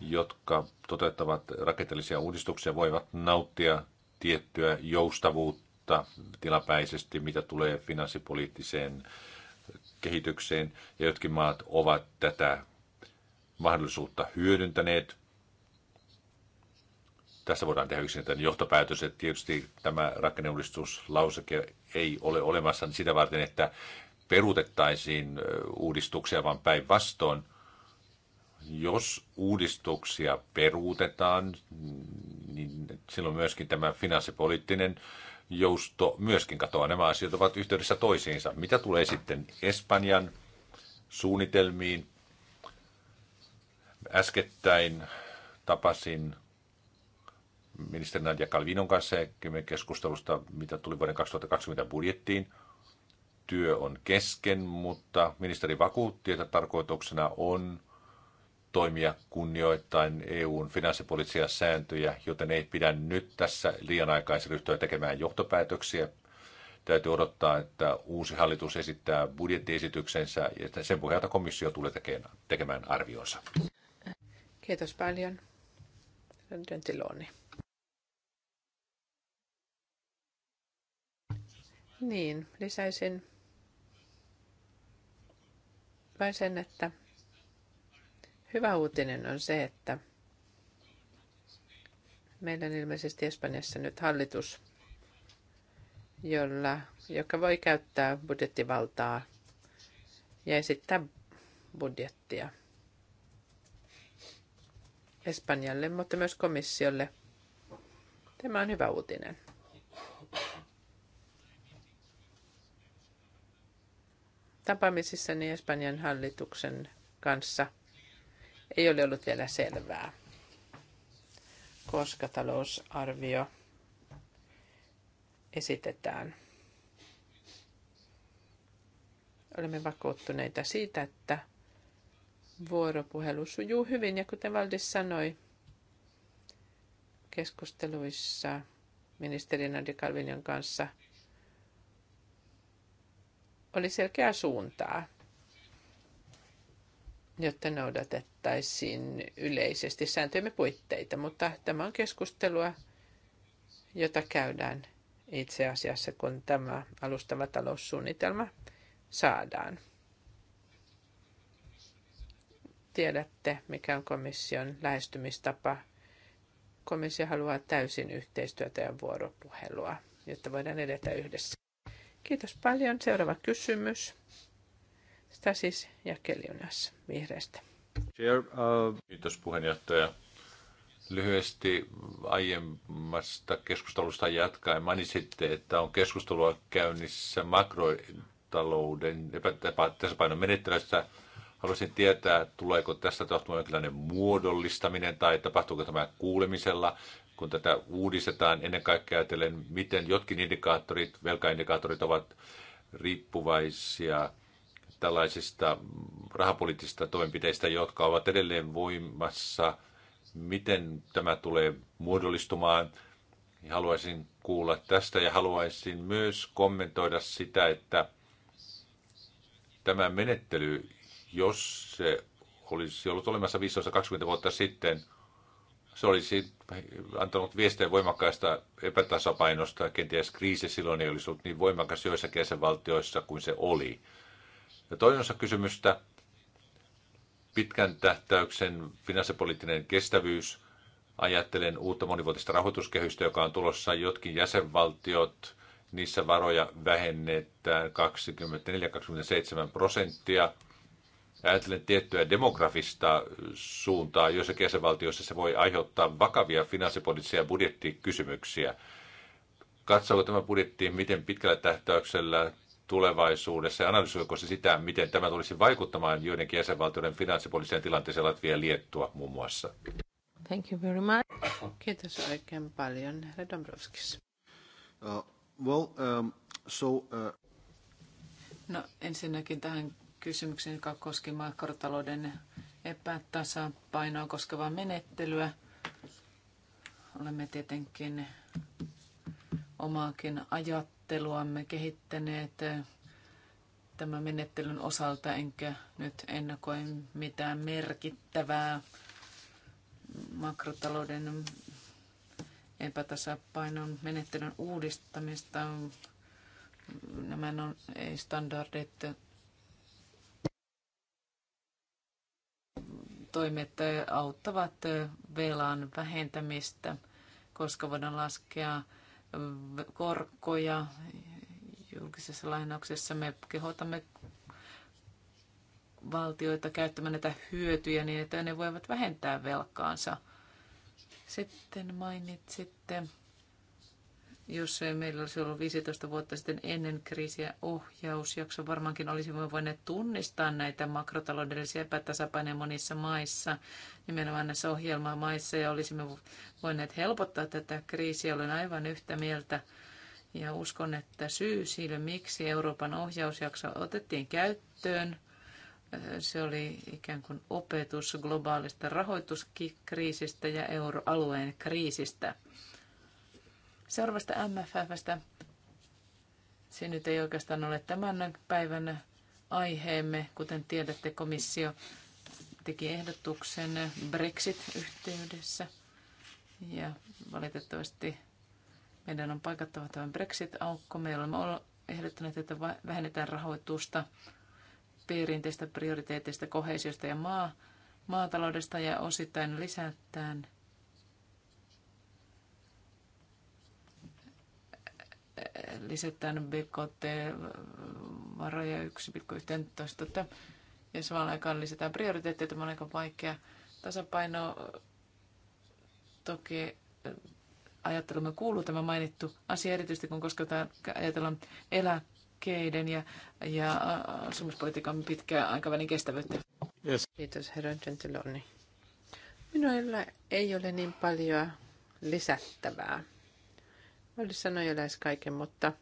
jotka toteuttavat rakenteellisia uudistuksia, voivat nauttia tiettyä joustavuutta tilapäisesti, mitä tulee finanssipoliittiseen kehitykseen, ja jotkin maat ovat tätä mahdollisuutta hyödyntäneet. Tässä voidaan tehdä yksinkertainen johtopäätös, että tietysti tämä rakenneuudistuslauseke ei ole olemassa sitä varten, että peruutettaisiin uudistuksia, vaan päinvastoin – jos uudistuksia peruutetaan, niin silloin myöskin tämä finanssipoliittinen jousto myöskin katoaa. Nämä asiat ovat yhteydessä toisiinsa. Mitä tulee sitten Espanjan suunnitelmiin? Äskettäin tapasin ministeri Nadia Calvinon kanssa keskustelusta, mitä tuli vuoden 2020 budjettiin. Työ on kesken, mutta ministeri vakuutti, että tarkoituksena on – toimia kunnioittain EUn finanssipoliittisia sääntöjä, joten ei pidä nyt tässä liian aikaisin ryhtyä tekemään johtopäätöksiä. Täytyy odottaa, että uusi hallitus esittää budjettiesityksensä ja sen pohjalta komissio tulee tekemään arvionsa. Kiitos paljon. Dentiloni. Niin, lisäisin vain sen, että Hyvä uutinen on se, että meillä on ilmeisesti Espanjassa nyt hallitus, jolla, joka voi käyttää budjettivaltaa ja esittää budjettia Espanjalle, mutta myös komissiolle. Tämä on hyvä uutinen. Tapaamisissani Espanjan hallituksen kanssa – ei ole ollut vielä selvää, koska talousarvio esitetään. Olemme vakuuttuneita siitä, että vuoropuhelu sujuu hyvin ja kuten Valdis sanoi keskusteluissa ministeri Nadi Kalvinion kanssa, oli selkeää suuntaa jotta noudatettaisiin yleisesti sääntöjemme puitteita. Mutta tämä on keskustelua, jota käydään itse asiassa, kun tämä alustava taloussuunnitelma saadaan. Tiedätte, mikä on komission lähestymistapa. Komissio haluaa täysin yhteistyötä ja vuoropuhelua, jotta voidaan edetä yhdessä. Kiitos paljon. Seuraava kysymys. Stasis ja Keljunas vihreistä. Uh, Kiitos puheenjohtaja. Lyhyesti aiemmasta keskustelusta jatkaen mainitsitte, että on keskustelua käynnissä makrotalouden epätasapainon menettelystä. Haluaisin tietää, tuleeko tästä tapahtumaan jonkinlainen muodollistaminen tai tapahtuuko tämä kuulemisella, kun tätä uudistetaan ennen kaikkea ajatellen, miten jotkin indikaattorit, velkaindikaattorit ovat riippuvaisia – tällaisista rahapoliittisista toimenpiteistä, jotka ovat edelleen voimassa. Miten tämä tulee muodollistumaan? Haluaisin kuulla tästä ja haluaisin myös kommentoida sitä, että tämä menettely, jos se olisi ollut olemassa 15-20 vuotta sitten, se olisi antanut viestejä voimakkaasta epätasapainosta, kenties kriisi silloin ei olisi ollut niin voimakas joissakin jäsenvaltioissa kuin se oli. Ja toinen osa kysymystä, pitkän tähtäyksen finanssipoliittinen kestävyys. Ajattelen uutta monivuotista rahoituskehystä, joka on tulossa jotkin jäsenvaltiot, niissä varoja vähennetään 24-27 prosenttia. Ajattelen tiettyä demografista suuntaa, joissa jäsenvaltioissa se voi aiheuttaa vakavia finanssipoliittisia budjettikysymyksiä. Katsoako tämä budjetti, miten pitkällä tähtäyksellä tulevaisuudessa ja analysoiko se sitä, miten tämä tulisi vaikuttamaan joidenkin jäsenvaltioiden finanssipoliittiseen tilanteeseen Latvia Liettua muun muassa? Thank you very much. Kiitos oikein paljon, herra Dombrovskis. Uh, well, um, so, uh... No ensinnäkin tähän kysymykseen, joka koski makrotalouden epätasapainoa koskevaa menettelyä. Olemme tietenkin omaakin ajat ajatteluamme kehittäneet tämän menettelyn osalta, enkä nyt ennakoi mitään merkittävää makrotalouden epätasapainon menettelyn uudistamista. Nämä on standardit toimet auttavat velan vähentämistä, koska voidaan laskea korkoja julkisessa lainauksessa. Me kehotamme valtioita käyttämään näitä hyötyjä niin, että ne voivat vähentää velkaansa. Sitten mainitsitte jos meillä olisi ollut 15 vuotta sitten ennen kriisiä ohjausjakso, varmaankin olisimme voineet tunnistaa näitä makrotaloudellisia epätasapaineja monissa maissa, nimenomaan näissä ohjelmamaissa, ja olisimme voineet helpottaa tätä kriisiä. Olen aivan yhtä mieltä ja uskon, että syy sille, miksi Euroopan ohjausjakso otettiin käyttöön, se oli ikään kuin opetus globaalista rahoituskriisistä ja euroalueen kriisistä. Seuraavasta MFFstä. Se nyt ei oikeastaan ole tämän päivän aiheemme. Kuten tiedätte, komissio teki ehdotuksen Brexit-yhteydessä. Ja valitettavasti meidän on paikattava tämä Brexit-aukko. Me olemme ehdottaneet, että vähennetään rahoitusta perinteistä prioriteeteista, kohesiosta ja maa, maataloudesta ja osittain lisätään – lisätään BKT-varoja 1,11 ja samaan aikaan lisätään prioriteetteja. Tämä on aika vaikea tasapaino. Toki eh, ajattelumme kuuluu tämä mainittu asia, erityisesti kun kosketaan, ajatellaan eläkkeiden ja, ja asumispolitiikan pitkää aikavälin kestävyyttä. Yes. Kiitos herra Gentiloni. Minulla ei ole niin paljon lisättävää olisi sanoi jo lähes kaiken, mutta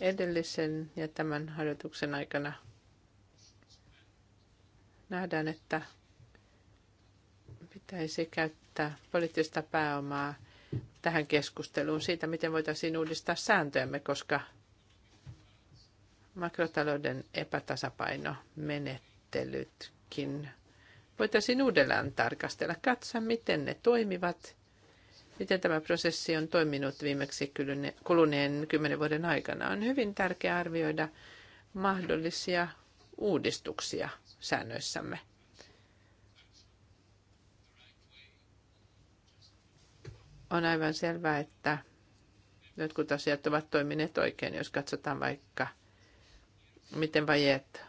edellisen ja tämän harjoituksen aikana nähdään, että pitäisi käyttää poliittista pääomaa tähän keskusteluun siitä, miten voitaisiin uudistaa sääntöjämme, koska makrotalouden epätasapaino, menettelytkin voitaisiin uudelleen tarkastella, katsoa miten ne toimivat miten tämä prosessi on toiminut viimeksi kuluneen kymmenen vuoden aikana. On hyvin tärkeää arvioida mahdollisia uudistuksia säännöissämme. On aivan selvää, että jotkut asiat ovat toimineet oikein, jos katsotaan vaikka, miten vajeet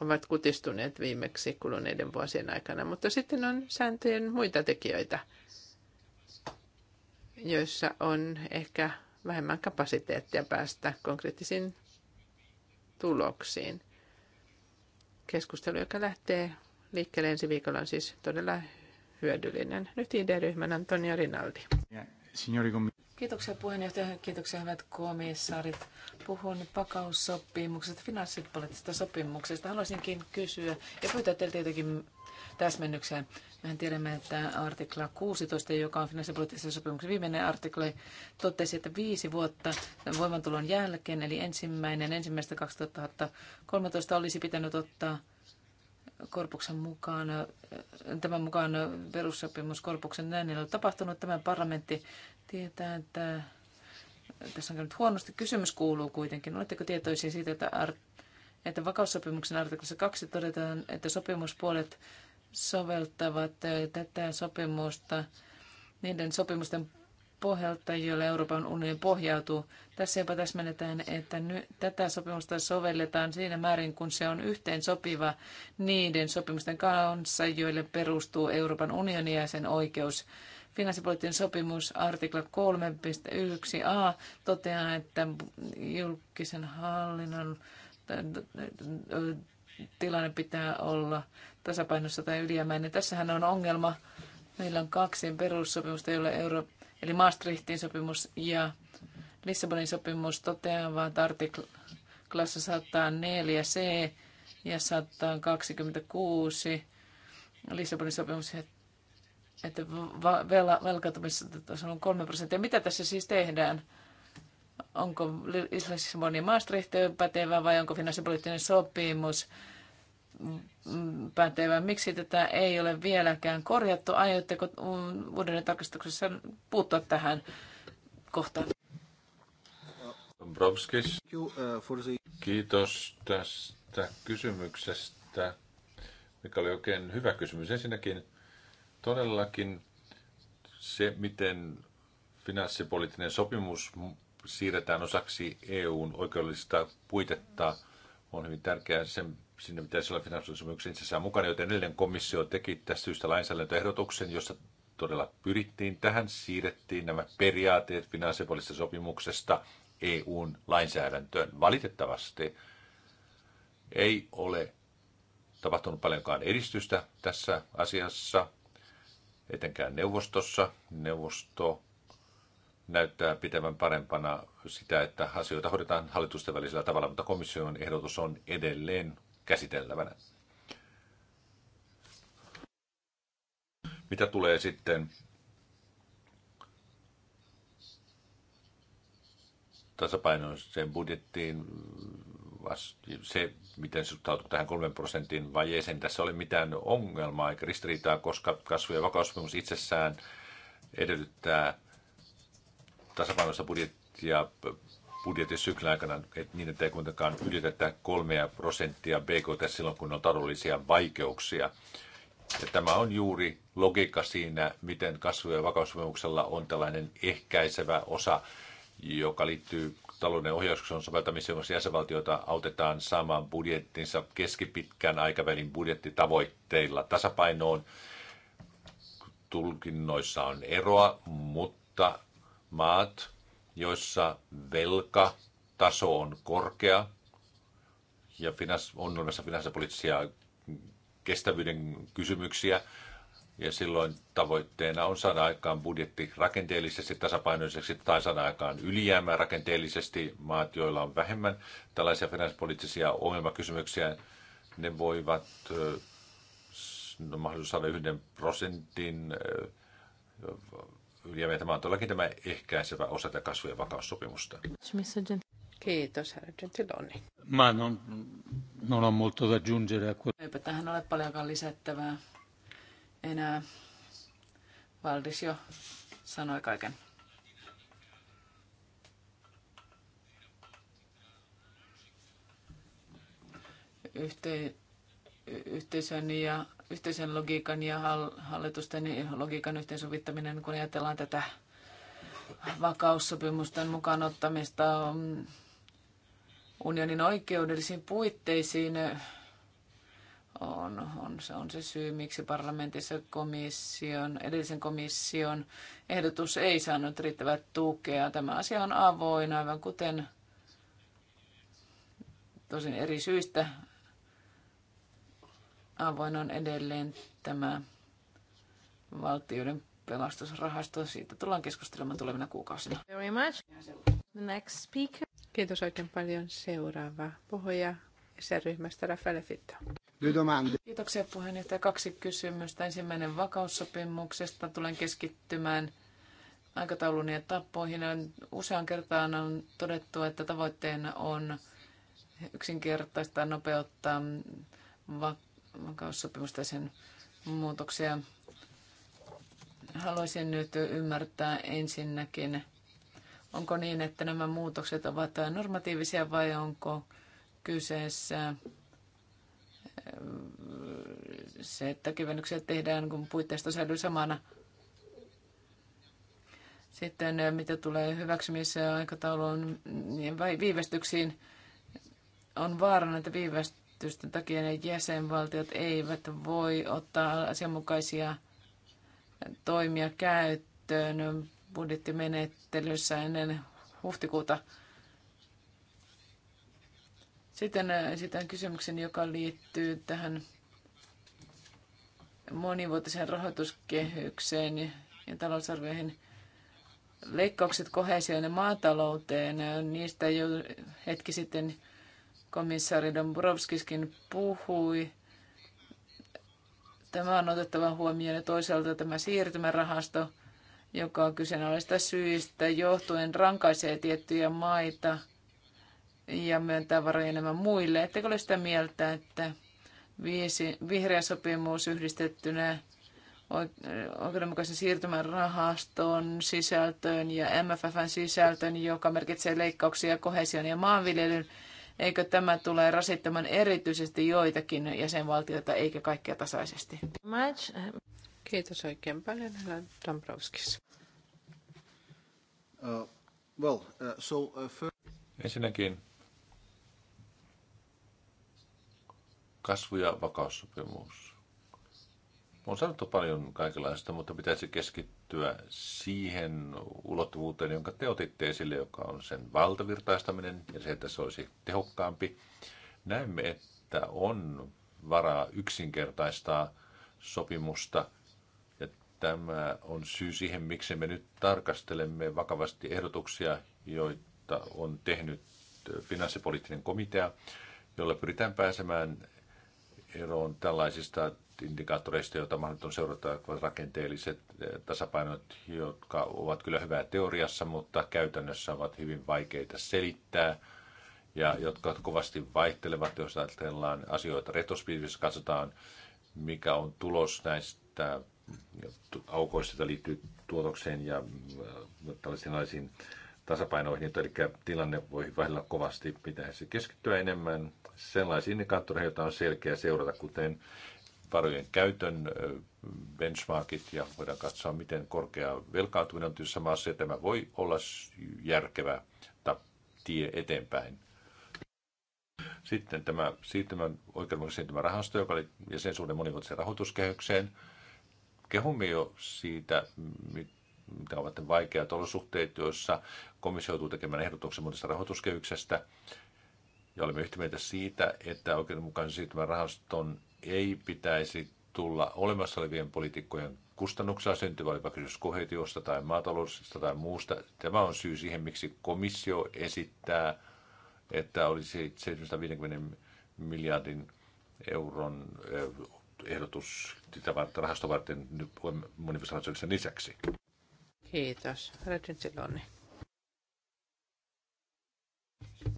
ovat kutistuneet viimeksi kuluneiden vuosien aikana. Mutta sitten on sääntöjen muita tekijöitä – joissa on ehkä vähemmän kapasiteettia päästä konkreettisiin tuloksiin. Keskustelu, joka lähtee liikkeelle ensi viikolla, on siis todella hyödyllinen. Nyt ID-ryhmän Antonio Rinaldi. Signori Kiitoksia puheenjohtaja, kiitoksia hyvät komissaarit. Puhun pakaussopimuksesta, finanssipoliittisesta sopimuksesta. Haluaisinkin kysyä ja pyytää teiltä jotenkin täsmennykseen. Mehän tiedämme, että artikla 16, joka on finanssipoliittisen sopimuksen viimeinen artikla, totesi, että viisi vuotta voimantulon jälkeen, eli ensimmäinen ensimmäistä 2013 olisi pitänyt ottaa Korpuksen mukaan, tämän mukaan perussopimus Korpuksen näin ei ole tapahtunut. Tämä parlamentti tietää, että tässä on käynyt huonosti. Kysymys kuuluu kuitenkin. Oletteko tietoisia siitä, että, ar- että vakaussopimuksen artiklassa 2 todetaan, että sopimuspuolet soveltavat tätä sopimusta niiden sopimusten pohjalta, joille Euroopan unioni pohjautuu. Tässä jopa täsmennetään, että ny, tätä sopimusta sovelletaan siinä määrin, kun se on yhteen sopiva niiden sopimusten kanssa, joille perustuu Euroopan unioni ja sen oikeus. Finanssipoliittinen sopimus artikla 3.1a toteaa, että julkisen hallinnon äh, tilanne pitää olla tasapainossa tai ylijäämäinen. Tässähän on ongelma. Meillä on kaksi perussopimusta, joilla euro, eli Maastrichtin sopimus ja Lissabonin sopimus toteavat artiklassa 104 c ja 126 Lissabonin sopimus että velkautumistaso on 3 prosenttia. Mitä tässä siis tehdään? Onko Lissabonin ja Maastricht pätevä vai onko finanssipoliittinen sopimus pätevä? Miksi tätä ei ole vieläkään korjattu? Aiotteko uudelleen tarkastuksessa puuttua tähän kohtaan? Bromskis. Uh, Kiitos tästä kysymyksestä, mikä oli oikein hyvä kysymys. Ensinnäkin Todellakin se, miten finanssipoliittinen sopimus siirretään osaksi EUn oikeudellista puitetta, on hyvin tärkeää. Sen, sinne pitäisi olla finanssisopimuksen itsessään mukana, joten edellinen komissio teki tästä syystä lainsäädäntöehdotuksen, jossa todella pyrittiin tähän, siirrettiin nämä periaatteet finanssipoliittisesta sopimuksesta EUn lainsäädäntöön. Valitettavasti ei ole tapahtunut paljonkaan edistystä tässä asiassa etenkään neuvostossa. Neuvosto näyttää pitävän parempana sitä, että asioita hoidetaan hallitusten välisellä tavalla, mutta komission ehdotus on edelleen käsiteltävänä. Mitä tulee sitten tasapainoiseen budjettiin, se, miten suhtautuu tähän 3 prosentin vajeeseen, tässä ole mitään ongelmaa eikä ristiriitaa, koska kasvu- ja vakaussopimus itsessään edellyttää tasapainoista budjettia budjetin syklin aikana, että niin, että ei kuitenkaan ylitetä kolmea prosenttia BKT silloin, kun on taloudellisia vaikeuksia. Ja tämä on juuri logiikka siinä, miten kasvu- ja vakaussopimuksella on tällainen ehkäisevä osa, joka liittyy talouden on soveltamiseen, jossa jäsenvaltioita autetaan saamaan budjettinsa keskipitkän aikavälin budjettitavoitteilla tasapainoon. Tulkinnoissa on eroa, mutta maat, joissa velka taso on korkea ja on olemassa finanssipoliittisia kestävyyden kysymyksiä, ja silloin tavoitteena on saada aikaan budjetti rakenteellisesti tasapainoiseksi tai saada aikaan ylijäämää rakenteellisesti. Maat, joilla on vähemmän tällaisia finanssipoliittisia ongelmakysymyksiä, ne voivat no, mahdollisuus saada yhden prosentin ylijäämää. Tämä on todellakin tämä ehkäisevä osa tätä kasvu- ja vakaussopimusta. Kiitos, herra Gentiloni. Mä en ole, en ole molto da aggiungere. Eipä tähän ole paljonkaan lisättävää enää. Valdis jo sanoi kaiken. yhteisön ja yhteisön logiikan ja hallitusten logiikan yhteensovittaminen, kun ajatellaan tätä vakaussopimusten mukaan ottamista mm, unionin oikeudellisiin puitteisiin, on, on, se on se syy, miksi parlamentissa komission, edellisen komission ehdotus ei saanut riittävää tukea. Tämä asia on avoin, aivan kuten tosin eri syistä avoin on edelleen tämä valtioiden pelastusrahasto. Siitä tullaan keskustelemaan tulevina kuukausina. Very much. The next speaker. Kiitos oikein paljon. Seuraava puhuja ryhmästä Rafael Fitto. Kiitoksia puheenjohtaja. Kaksi kysymystä. Ensimmäinen vakaussopimuksesta. Tulen keskittymään aikataulun ja tappoihin. Usean kertaan on todettu, että tavoitteena on yksinkertaistaa, nopeuttaa vakaussopimusta ja sen muutoksia. Haluaisin nyt ymmärtää ensinnäkin, onko niin, että nämä muutokset ovat normatiivisia vai onko kyseessä se, että kevennyksiä tehdään, kun puitteista säilyy samana. Sitten eh, mitä tulee hyväksymiseen aikatauluun niin viivästyksiin, on vaarana, että viivästysten takia ne jäsenvaltiot eivät voi ottaa asianmukaisia toimia käyttöön budjettimenettelyssä ennen huhtikuuta sitten äh, esitän kysymyksen, joka liittyy tähän monivuotiseen rahoituskehykseen ja talousarvioihin. Leikkaukset kohesioon ja maatalouteen, niistä jo hetki sitten komissaari Dombrovskiskin puhui. Tämä on otettava huomioon ja toisaalta tämä siirtymärahasto, joka kyseenalaista syistä johtuen rankaisee tiettyjä maita – ja myöntää varoja enemmän muille. Ettekö ole sitä mieltä, että viisi, vihreä sopimus yhdistettynä oikeudenmukaisen siirtymän rahaston sisältöön ja MFFn sisältöön, joka merkitsee leikkauksia kohesion ja maanviljelyn. Eikö tämä tule rasittamaan erityisesti joitakin jäsenvaltioita eikä kaikkia tasaisesti? Kiitos oikein paljon, Helen Dombrovskis. Uh, well, uh, so, uh, first... Ensinnäkin kasvu- ja vakaussopimus. On sanottu paljon kaikenlaista, mutta pitäisi keskittyä siihen ulottuvuuteen, jonka te otitte esille, joka on sen valtavirtaistaminen ja se, että se olisi tehokkaampi. Näemme, että on varaa yksinkertaistaa sopimusta ja tämä on syy siihen, miksi me nyt tarkastelemme vakavasti ehdotuksia, joita on tehnyt finanssipoliittinen komitea, jolla pyritään pääsemään eroon tällaisista indikaattoreista, joita mahdoton seurata, ovat rakenteelliset eh, tasapainot, jotka ovat kyllä hyvää teoriassa, mutta käytännössä ovat hyvin vaikeita selittää ja jotka kovasti vaihtelevat, jos ajatellaan asioita retrospektiivisessa, katsotaan mikä on tulos näistä aukoista, joita liittyy tuotokseen ja eh, tällaisiin tasapainoihin, eli tilanne voi vaihdella kovasti, pitäisi keskittyä enemmän sellaisia indikaattoreita, joita on selkeä seurata, kuten varojen käytön benchmarkit ja voidaan katsoa, miten korkea velkaantuminen on tietyssä maassa ja tämä voi olla järkevä tie eteenpäin. Sitten tämä siirtymän, oikeudenmukaisen siirtymän rahasto, joka oli jäsensuuden monivuotiseen rahoituskehykseen. Kehumme jo siitä, mitä ovat ne vaikeat olosuhteet, joissa komissio joutuu tekemään ehdotuksen muodissa rahoituskehyksestä. Ja olemme yhtä mieltä siitä, että oikeudenmukaisen siirtymän rahaston ei pitäisi tulla olemassa olevien poliitikkojen kustannuksia syntyvä, olipa kysymys kohetiosta tai maataloudesta tai muusta. Tämä on syy siihen, miksi komissio esittää, että olisi 750 miljardin euron eh, ehdotus rahastovarten varten, lisäksi. Kiitos. Rätin silloin.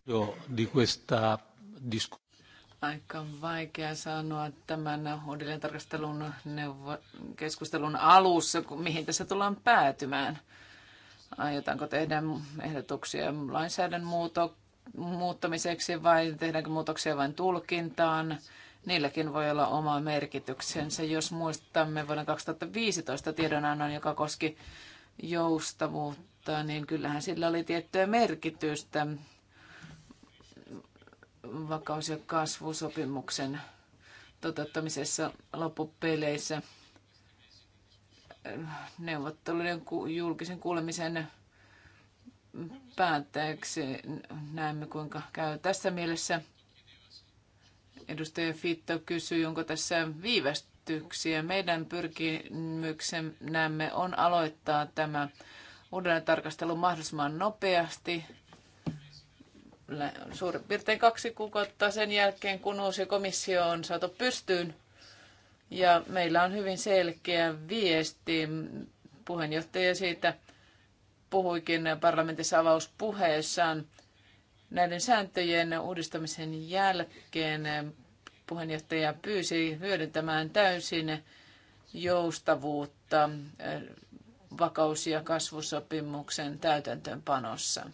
Joo, di Aika vaikea sanoa tämän uudelleen neuvo- keskustelun alussa, kun mihin tässä tullaan päätymään. Aiotaanko tehdä ehdotuksia lainsäädännön muuto- muuttamiseksi vai tehdäänkö muutoksia vain tulkintaan? Niilläkin voi olla oma merkityksensä. Jos muistamme vuoden 2015 tiedonannon, joka koski joustavuutta, niin kyllähän sillä oli tiettyä merkitystä vakaus- ja kasvusopimuksen toteuttamisessa loppupeleissä neuvottelujen julkisen kuulemisen päättäjäksi näemme, kuinka käy tässä mielessä. Edustaja Fitto kysyy, onko tässä viivästyksiä. Meidän pyrkimyksemme on aloittaa tämä uudelleen tarkastelu mahdollisimman nopeasti suurin piirtein kaksi kuukautta sen jälkeen, kun uusi komissio on saatu pystyyn. Ja meillä on hyvin selkeä viesti. Puheenjohtaja siitä puhuikin parlamentissa avauspuheessaan. Näiden sääntöjen uudistamisen jälkeen puheenjohtaja pyysi hyödyntämään täysin joustavuutta vakaus- ja kasvusopimuksen täytäntöönpanossa.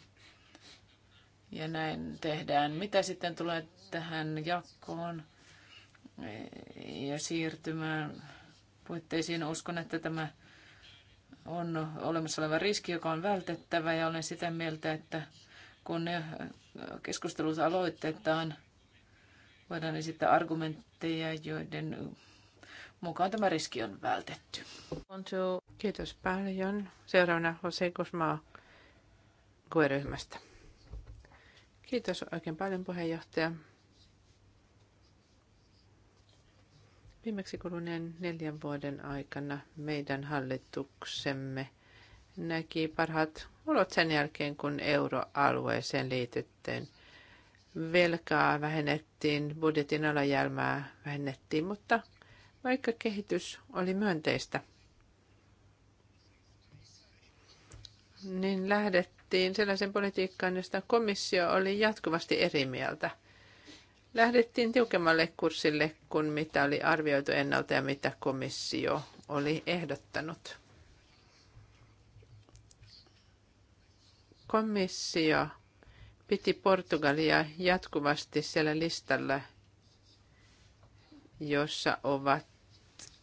Ja näin tehdään. Mitä sitten tulee tähän jakoon ja siirtymään puitteisiin? Uskon, että tämä on olemassa oleva riski, joka on vältettävä ja olen sitä mieltä, että kun ne keskustelut aloitetaan, voidaan esittää argumentteja, joiden mukaan tämä riski on vältetty. Kiitos paljon. Seuraavana Jose Kosmaa ryhmästä Kiitos oikein paljon puheenjohtaja. Viimeksi kuluneen neljän vuoden aikana meidän hallituksemme näki parhaat olot sen jälkeen, kun euroalueeseen liityttiin. Velkaa vähennettiin, budjetin alajäämää vähennettiin, mutta vaikka kehitys oli myönteistä, niin lähdet lähdettiin sellaisen politiikkaan, josta komissio oli jatkuvasti eri mieltä. Lähdettiin tiukemmalle kurssille kuin mitä oli arvioitu ennalta ja mitä komissio oli ehdottanut. Komissio piti Portugalia jatkuvasti siellä listalla, jossa ovat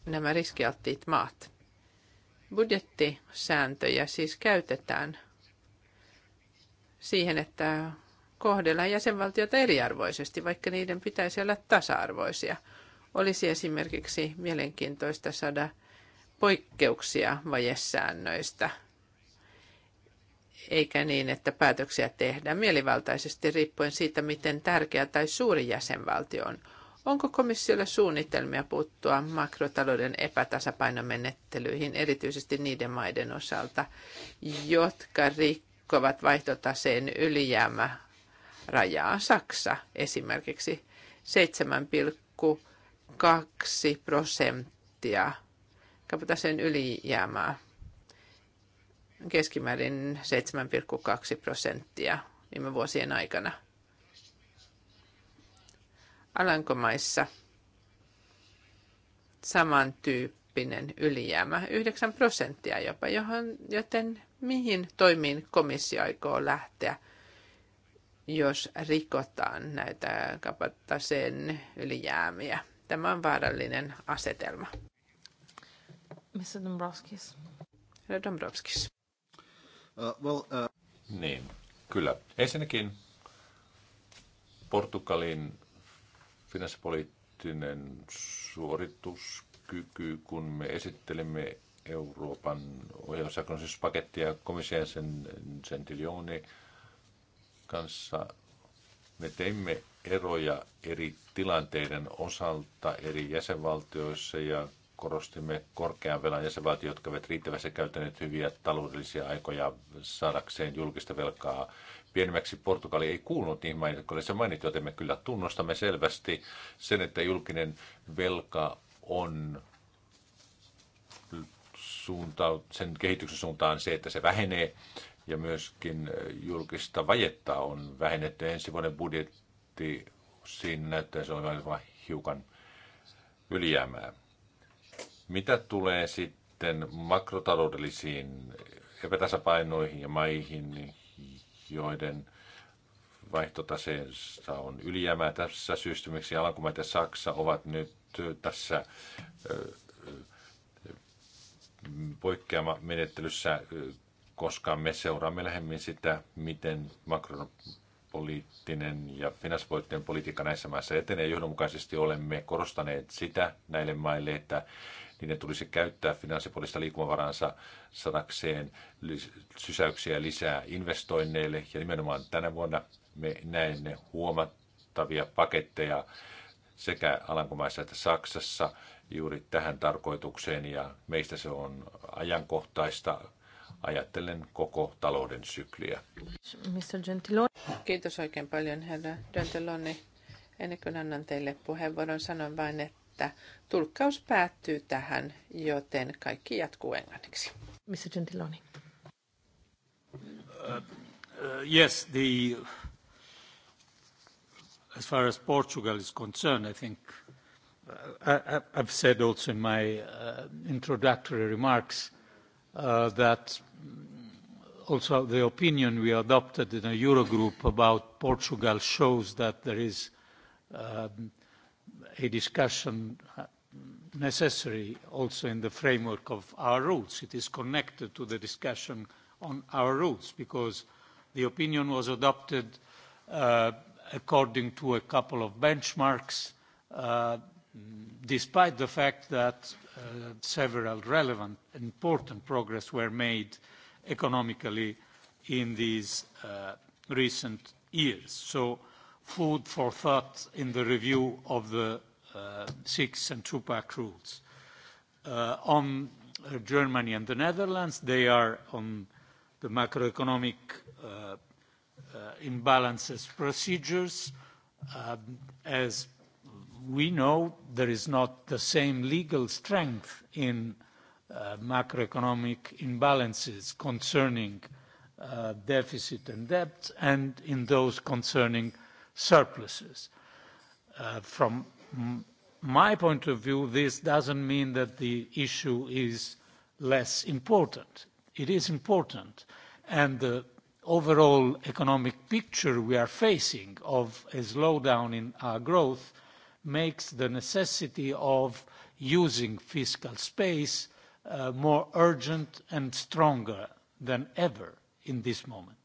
nämä riskialttiit maat. Budjettisääntöjä siis käytetään siihen, että kohdellaan jäsenvaltiota eriarvoisesti, vaikka niiden pitäisi olla tasa-arvoisia. Olisi esimerkiksi mielenkiintoista saada poikkeuksia vajessäännöistä, eikä niin, että päätöksiä tehdään mielivaltaisesti riippuen siitä, miten tärkeä tai suuri jäsenvaltio on. Onko komissiolla suunnitelmia puuttua makrotalouden epätasapainomenettelyihin, erityisesti niiden maiden osalta, jotka rik- rikkovat vaihtotaseen ylijäämä rajaa. Saksa esimerkiksi 7,2 prosenttia kapotaseen ylijäämää. Keskimäärin 7,2 prosenttia viime vuosien aikana. Alankomaissa samantyyppinen ylijäämä, 9 prosenttia jopa, johon, joten mihin toimiin komissio aikoo lähteä, jos rikotaan näitä kapattaseen ylijäämiä. Tämä on vaarallinen asetelma. Mr. Dombrovskis. Herra Dombrovskis. Uh, well, uh... Niin, kyllä. Ensinnäkin Portugalin finanssipoliittinen suorituskyky, kun me esittelimme Euroopan ja komission sen Gentilioni kanssa. Me teimme eroja eri tilanteiden osalta eri jäsenvaltioissa ja korostimme korkean velan jäsenvaltioita, jotka ovat riittävästi käyttäneet hyviä taloudellisia aikoja saadakseen julkista velkaa pienemmäksi. Portugali ei kuulunut niihin maihin, jotka olivat mainittu, joten me kyllä tunnustamme selvästi sen, että julkinen velka on suunta, sen kehityksen suuntaan se, että se vähenee ja myöskin julkista vajetta on vähennetty. Ensi vuoden budjetti siinä se olevan vain hiukan ylijäämää. Mitä tulee sitten makrotaloudellisiin epätasapainoihin ja maihin, joiden vaihtotaseessa on ylijäämää tässä systeemissä, ja Alankomaat ja Saksa ovat nyt tässä poikkeama menettelyssä, koska me seuraamme lähemmin sitä, miten makropoliittinen ja finanssipoliittinen politiikka näissä maissa etenee. Johdonmukaisesti olemme korostaneet sitä näille maille, että niiden tulisi käyttää finanssipoliittista liikkumavaransa sadakseen sysäyksiä lisää investoinneille. Ja nimenomaan tänä vuonna me näemme huomattavia paketteja sekä Alankomaissa että Saksassa juuri tähän tarkoitukseen ja meistä se on ajankohtaista ajattelen koko talouden sykliä. Mr. Gentiloni. Kiitos oikein paljon, herra Gentiloni. Ennen kuin annan teille puheenvuoron, sanon vain, että tulkkaus päättyy tähän, joten kaikki jatkuu englanniksi. Mr. Gentiloni. Uh, uh, yes, the as far as Portugal is concerned, I think uh, I, I've said also in my uh, introductory remarks uh, that also the opinion we adopted in a Eurogroup about Portugal shows that there is um, a discussion uh, necessary also in the framework of our rules. It is connected to the discussion on our rules because the opinion was adopted uh, according to a couple of benchmarks, uh, despite the fact that uh, several relevant, important progress were made economically in these uh, recent years. So food for thought in the review of the uh, six and two-pack rules. Uh, on uh, Germany and the Netherlands, they are on the macroeconomic uh, Uh, imbalances procedures. Um, as we know, there is not the same legal strength in uh, macroeconomic imbalances concerning uh, deficit and debt and in those concerning surpluses. Uh, from my point of view, this doesn't mean that the issue is less important. It is important, and the overall economic picture we are facing of a slowdown in our growth makes the necessity of using fiscal space uh, more urgent and stronger than ever in this moment.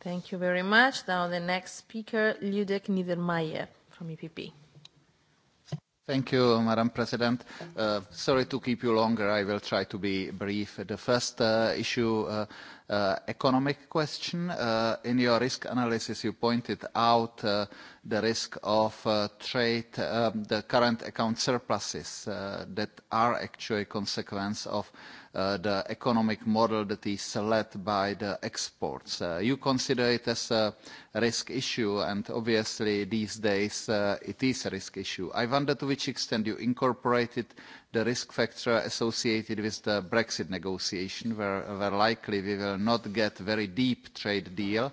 Thank you very much. Now the next speaker, Ludek Niedermayer from EPP. Thank you, Madam President. Uh, sorry to keep you longer. I will try to be brief. The first uh, issue, uh, uh, economic question. Uh, in your risk analysis, you pointed out uh, the risk of uh, trade, um, the current account surpluses uh, that are actually a consequence of Uh, the economic model that is led by the exports. Uh, you consider it as a risk issue, and obviously these days uh, it is a risk issue. I wonder to which extent you incorporated the risk factor associated with the Brexit negotiation, where, where likely we will not get very deep trade deal,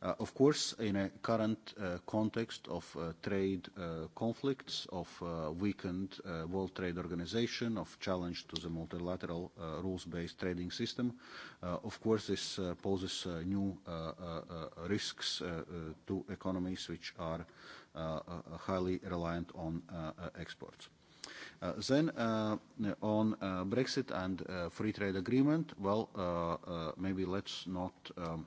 Uh, of course, in a current uh, context of uh, trade uh, conflicts, of uh, weakened uh, World Trade Organization, of challenge to the multilateral rules-based trading system, of course, this poses new risks to economies which are highly reliant on exports. Uh, then uh, on uh, Brexit and free trade agreement, well, maybe let's not um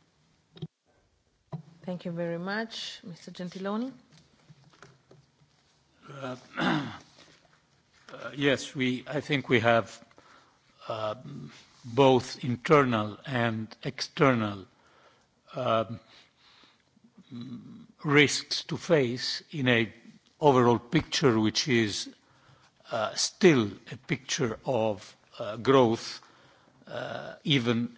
Thank you very much. Mr. Gentiloni? Uh, uh, yes, we, I think we have uh, both internal and external um, risks to face in a overall picture, which is uh, still a picture of uh, growth, uh, even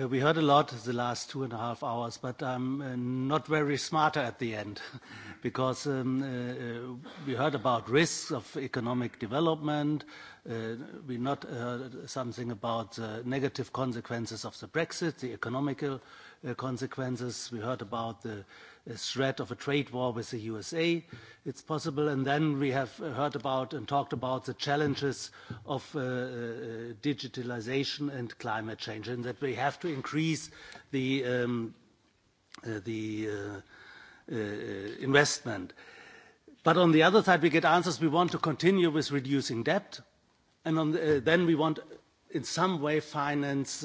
Uh, we heard a lot the last two and a half hours, but I'm uh, not very smarter at the end because um, uh, we heard about risks of economic development. We not heard something about the negative consequences of the Brexit, the economical Uh, consequences. We heard about the uh, threat of a trade war with the USA. It's possible. And then we have uh, heard about and talked about the challenges of digitalization and climate change, and that we have to increase the, um, investment. But on the other side, we get answers. We want to continue with reducing debt, and then we want, in some way, finance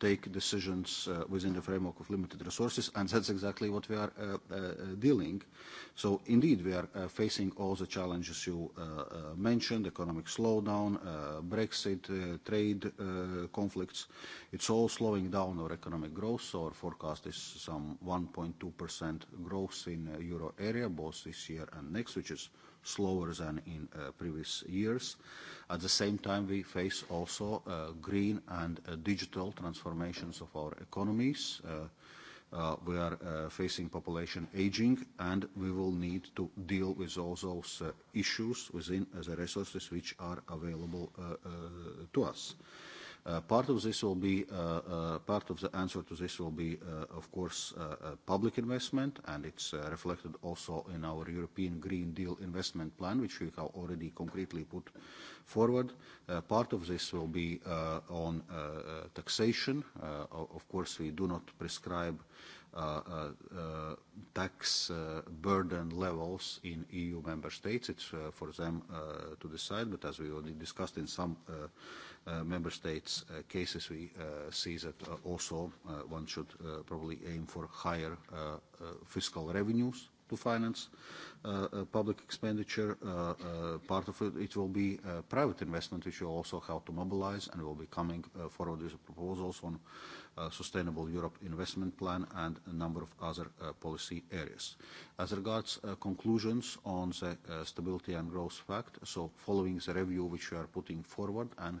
take decisions uh, within the framework of limited resources, and that's exactly what we are uh, uh, uh, dealing. So indeed, we are uh, facing all the challenges you uh, uh, mentioned, economic slowdown, uh, Brexit, uh, trade uh, conflicts. It's all slowing down our economic growth, so our forecast is some 1.2% growth in uh, euro area, both this year and next, which is slower than in uh, previous years. At the same time, we face also uh, green and uh, digital transformations of our economies. we are facing population aging, and we will need to deal with all those issues within the resources which are available to us. Uh, part of this will be uh, uh, part of the answer to this will be, of course, public investment, and it's reflected also in our European Green Deal investment plan, which we have already concretely put forward. part of this will be on taxation. of course, we do not prescribe tax burden levels in EU member states. It's for them to decide, but as we already discussed in some Uh, member states' uh, cases, we uh, see that uh, also uh, one should uh, probably aim for higher uh, uh, fiscal revenues to finance uh, uh, public expenditure. Uh, uh, part of it, it will be uh, private investment, which will also have to mobilize, and will be coming uh, forward with proposals on uh, Sustainable Europe Investment Plan and a number of other uh, policy areas. As regards uh, conclusions on the uh, Stability and Growth Pact, so following the review which we are putting forward and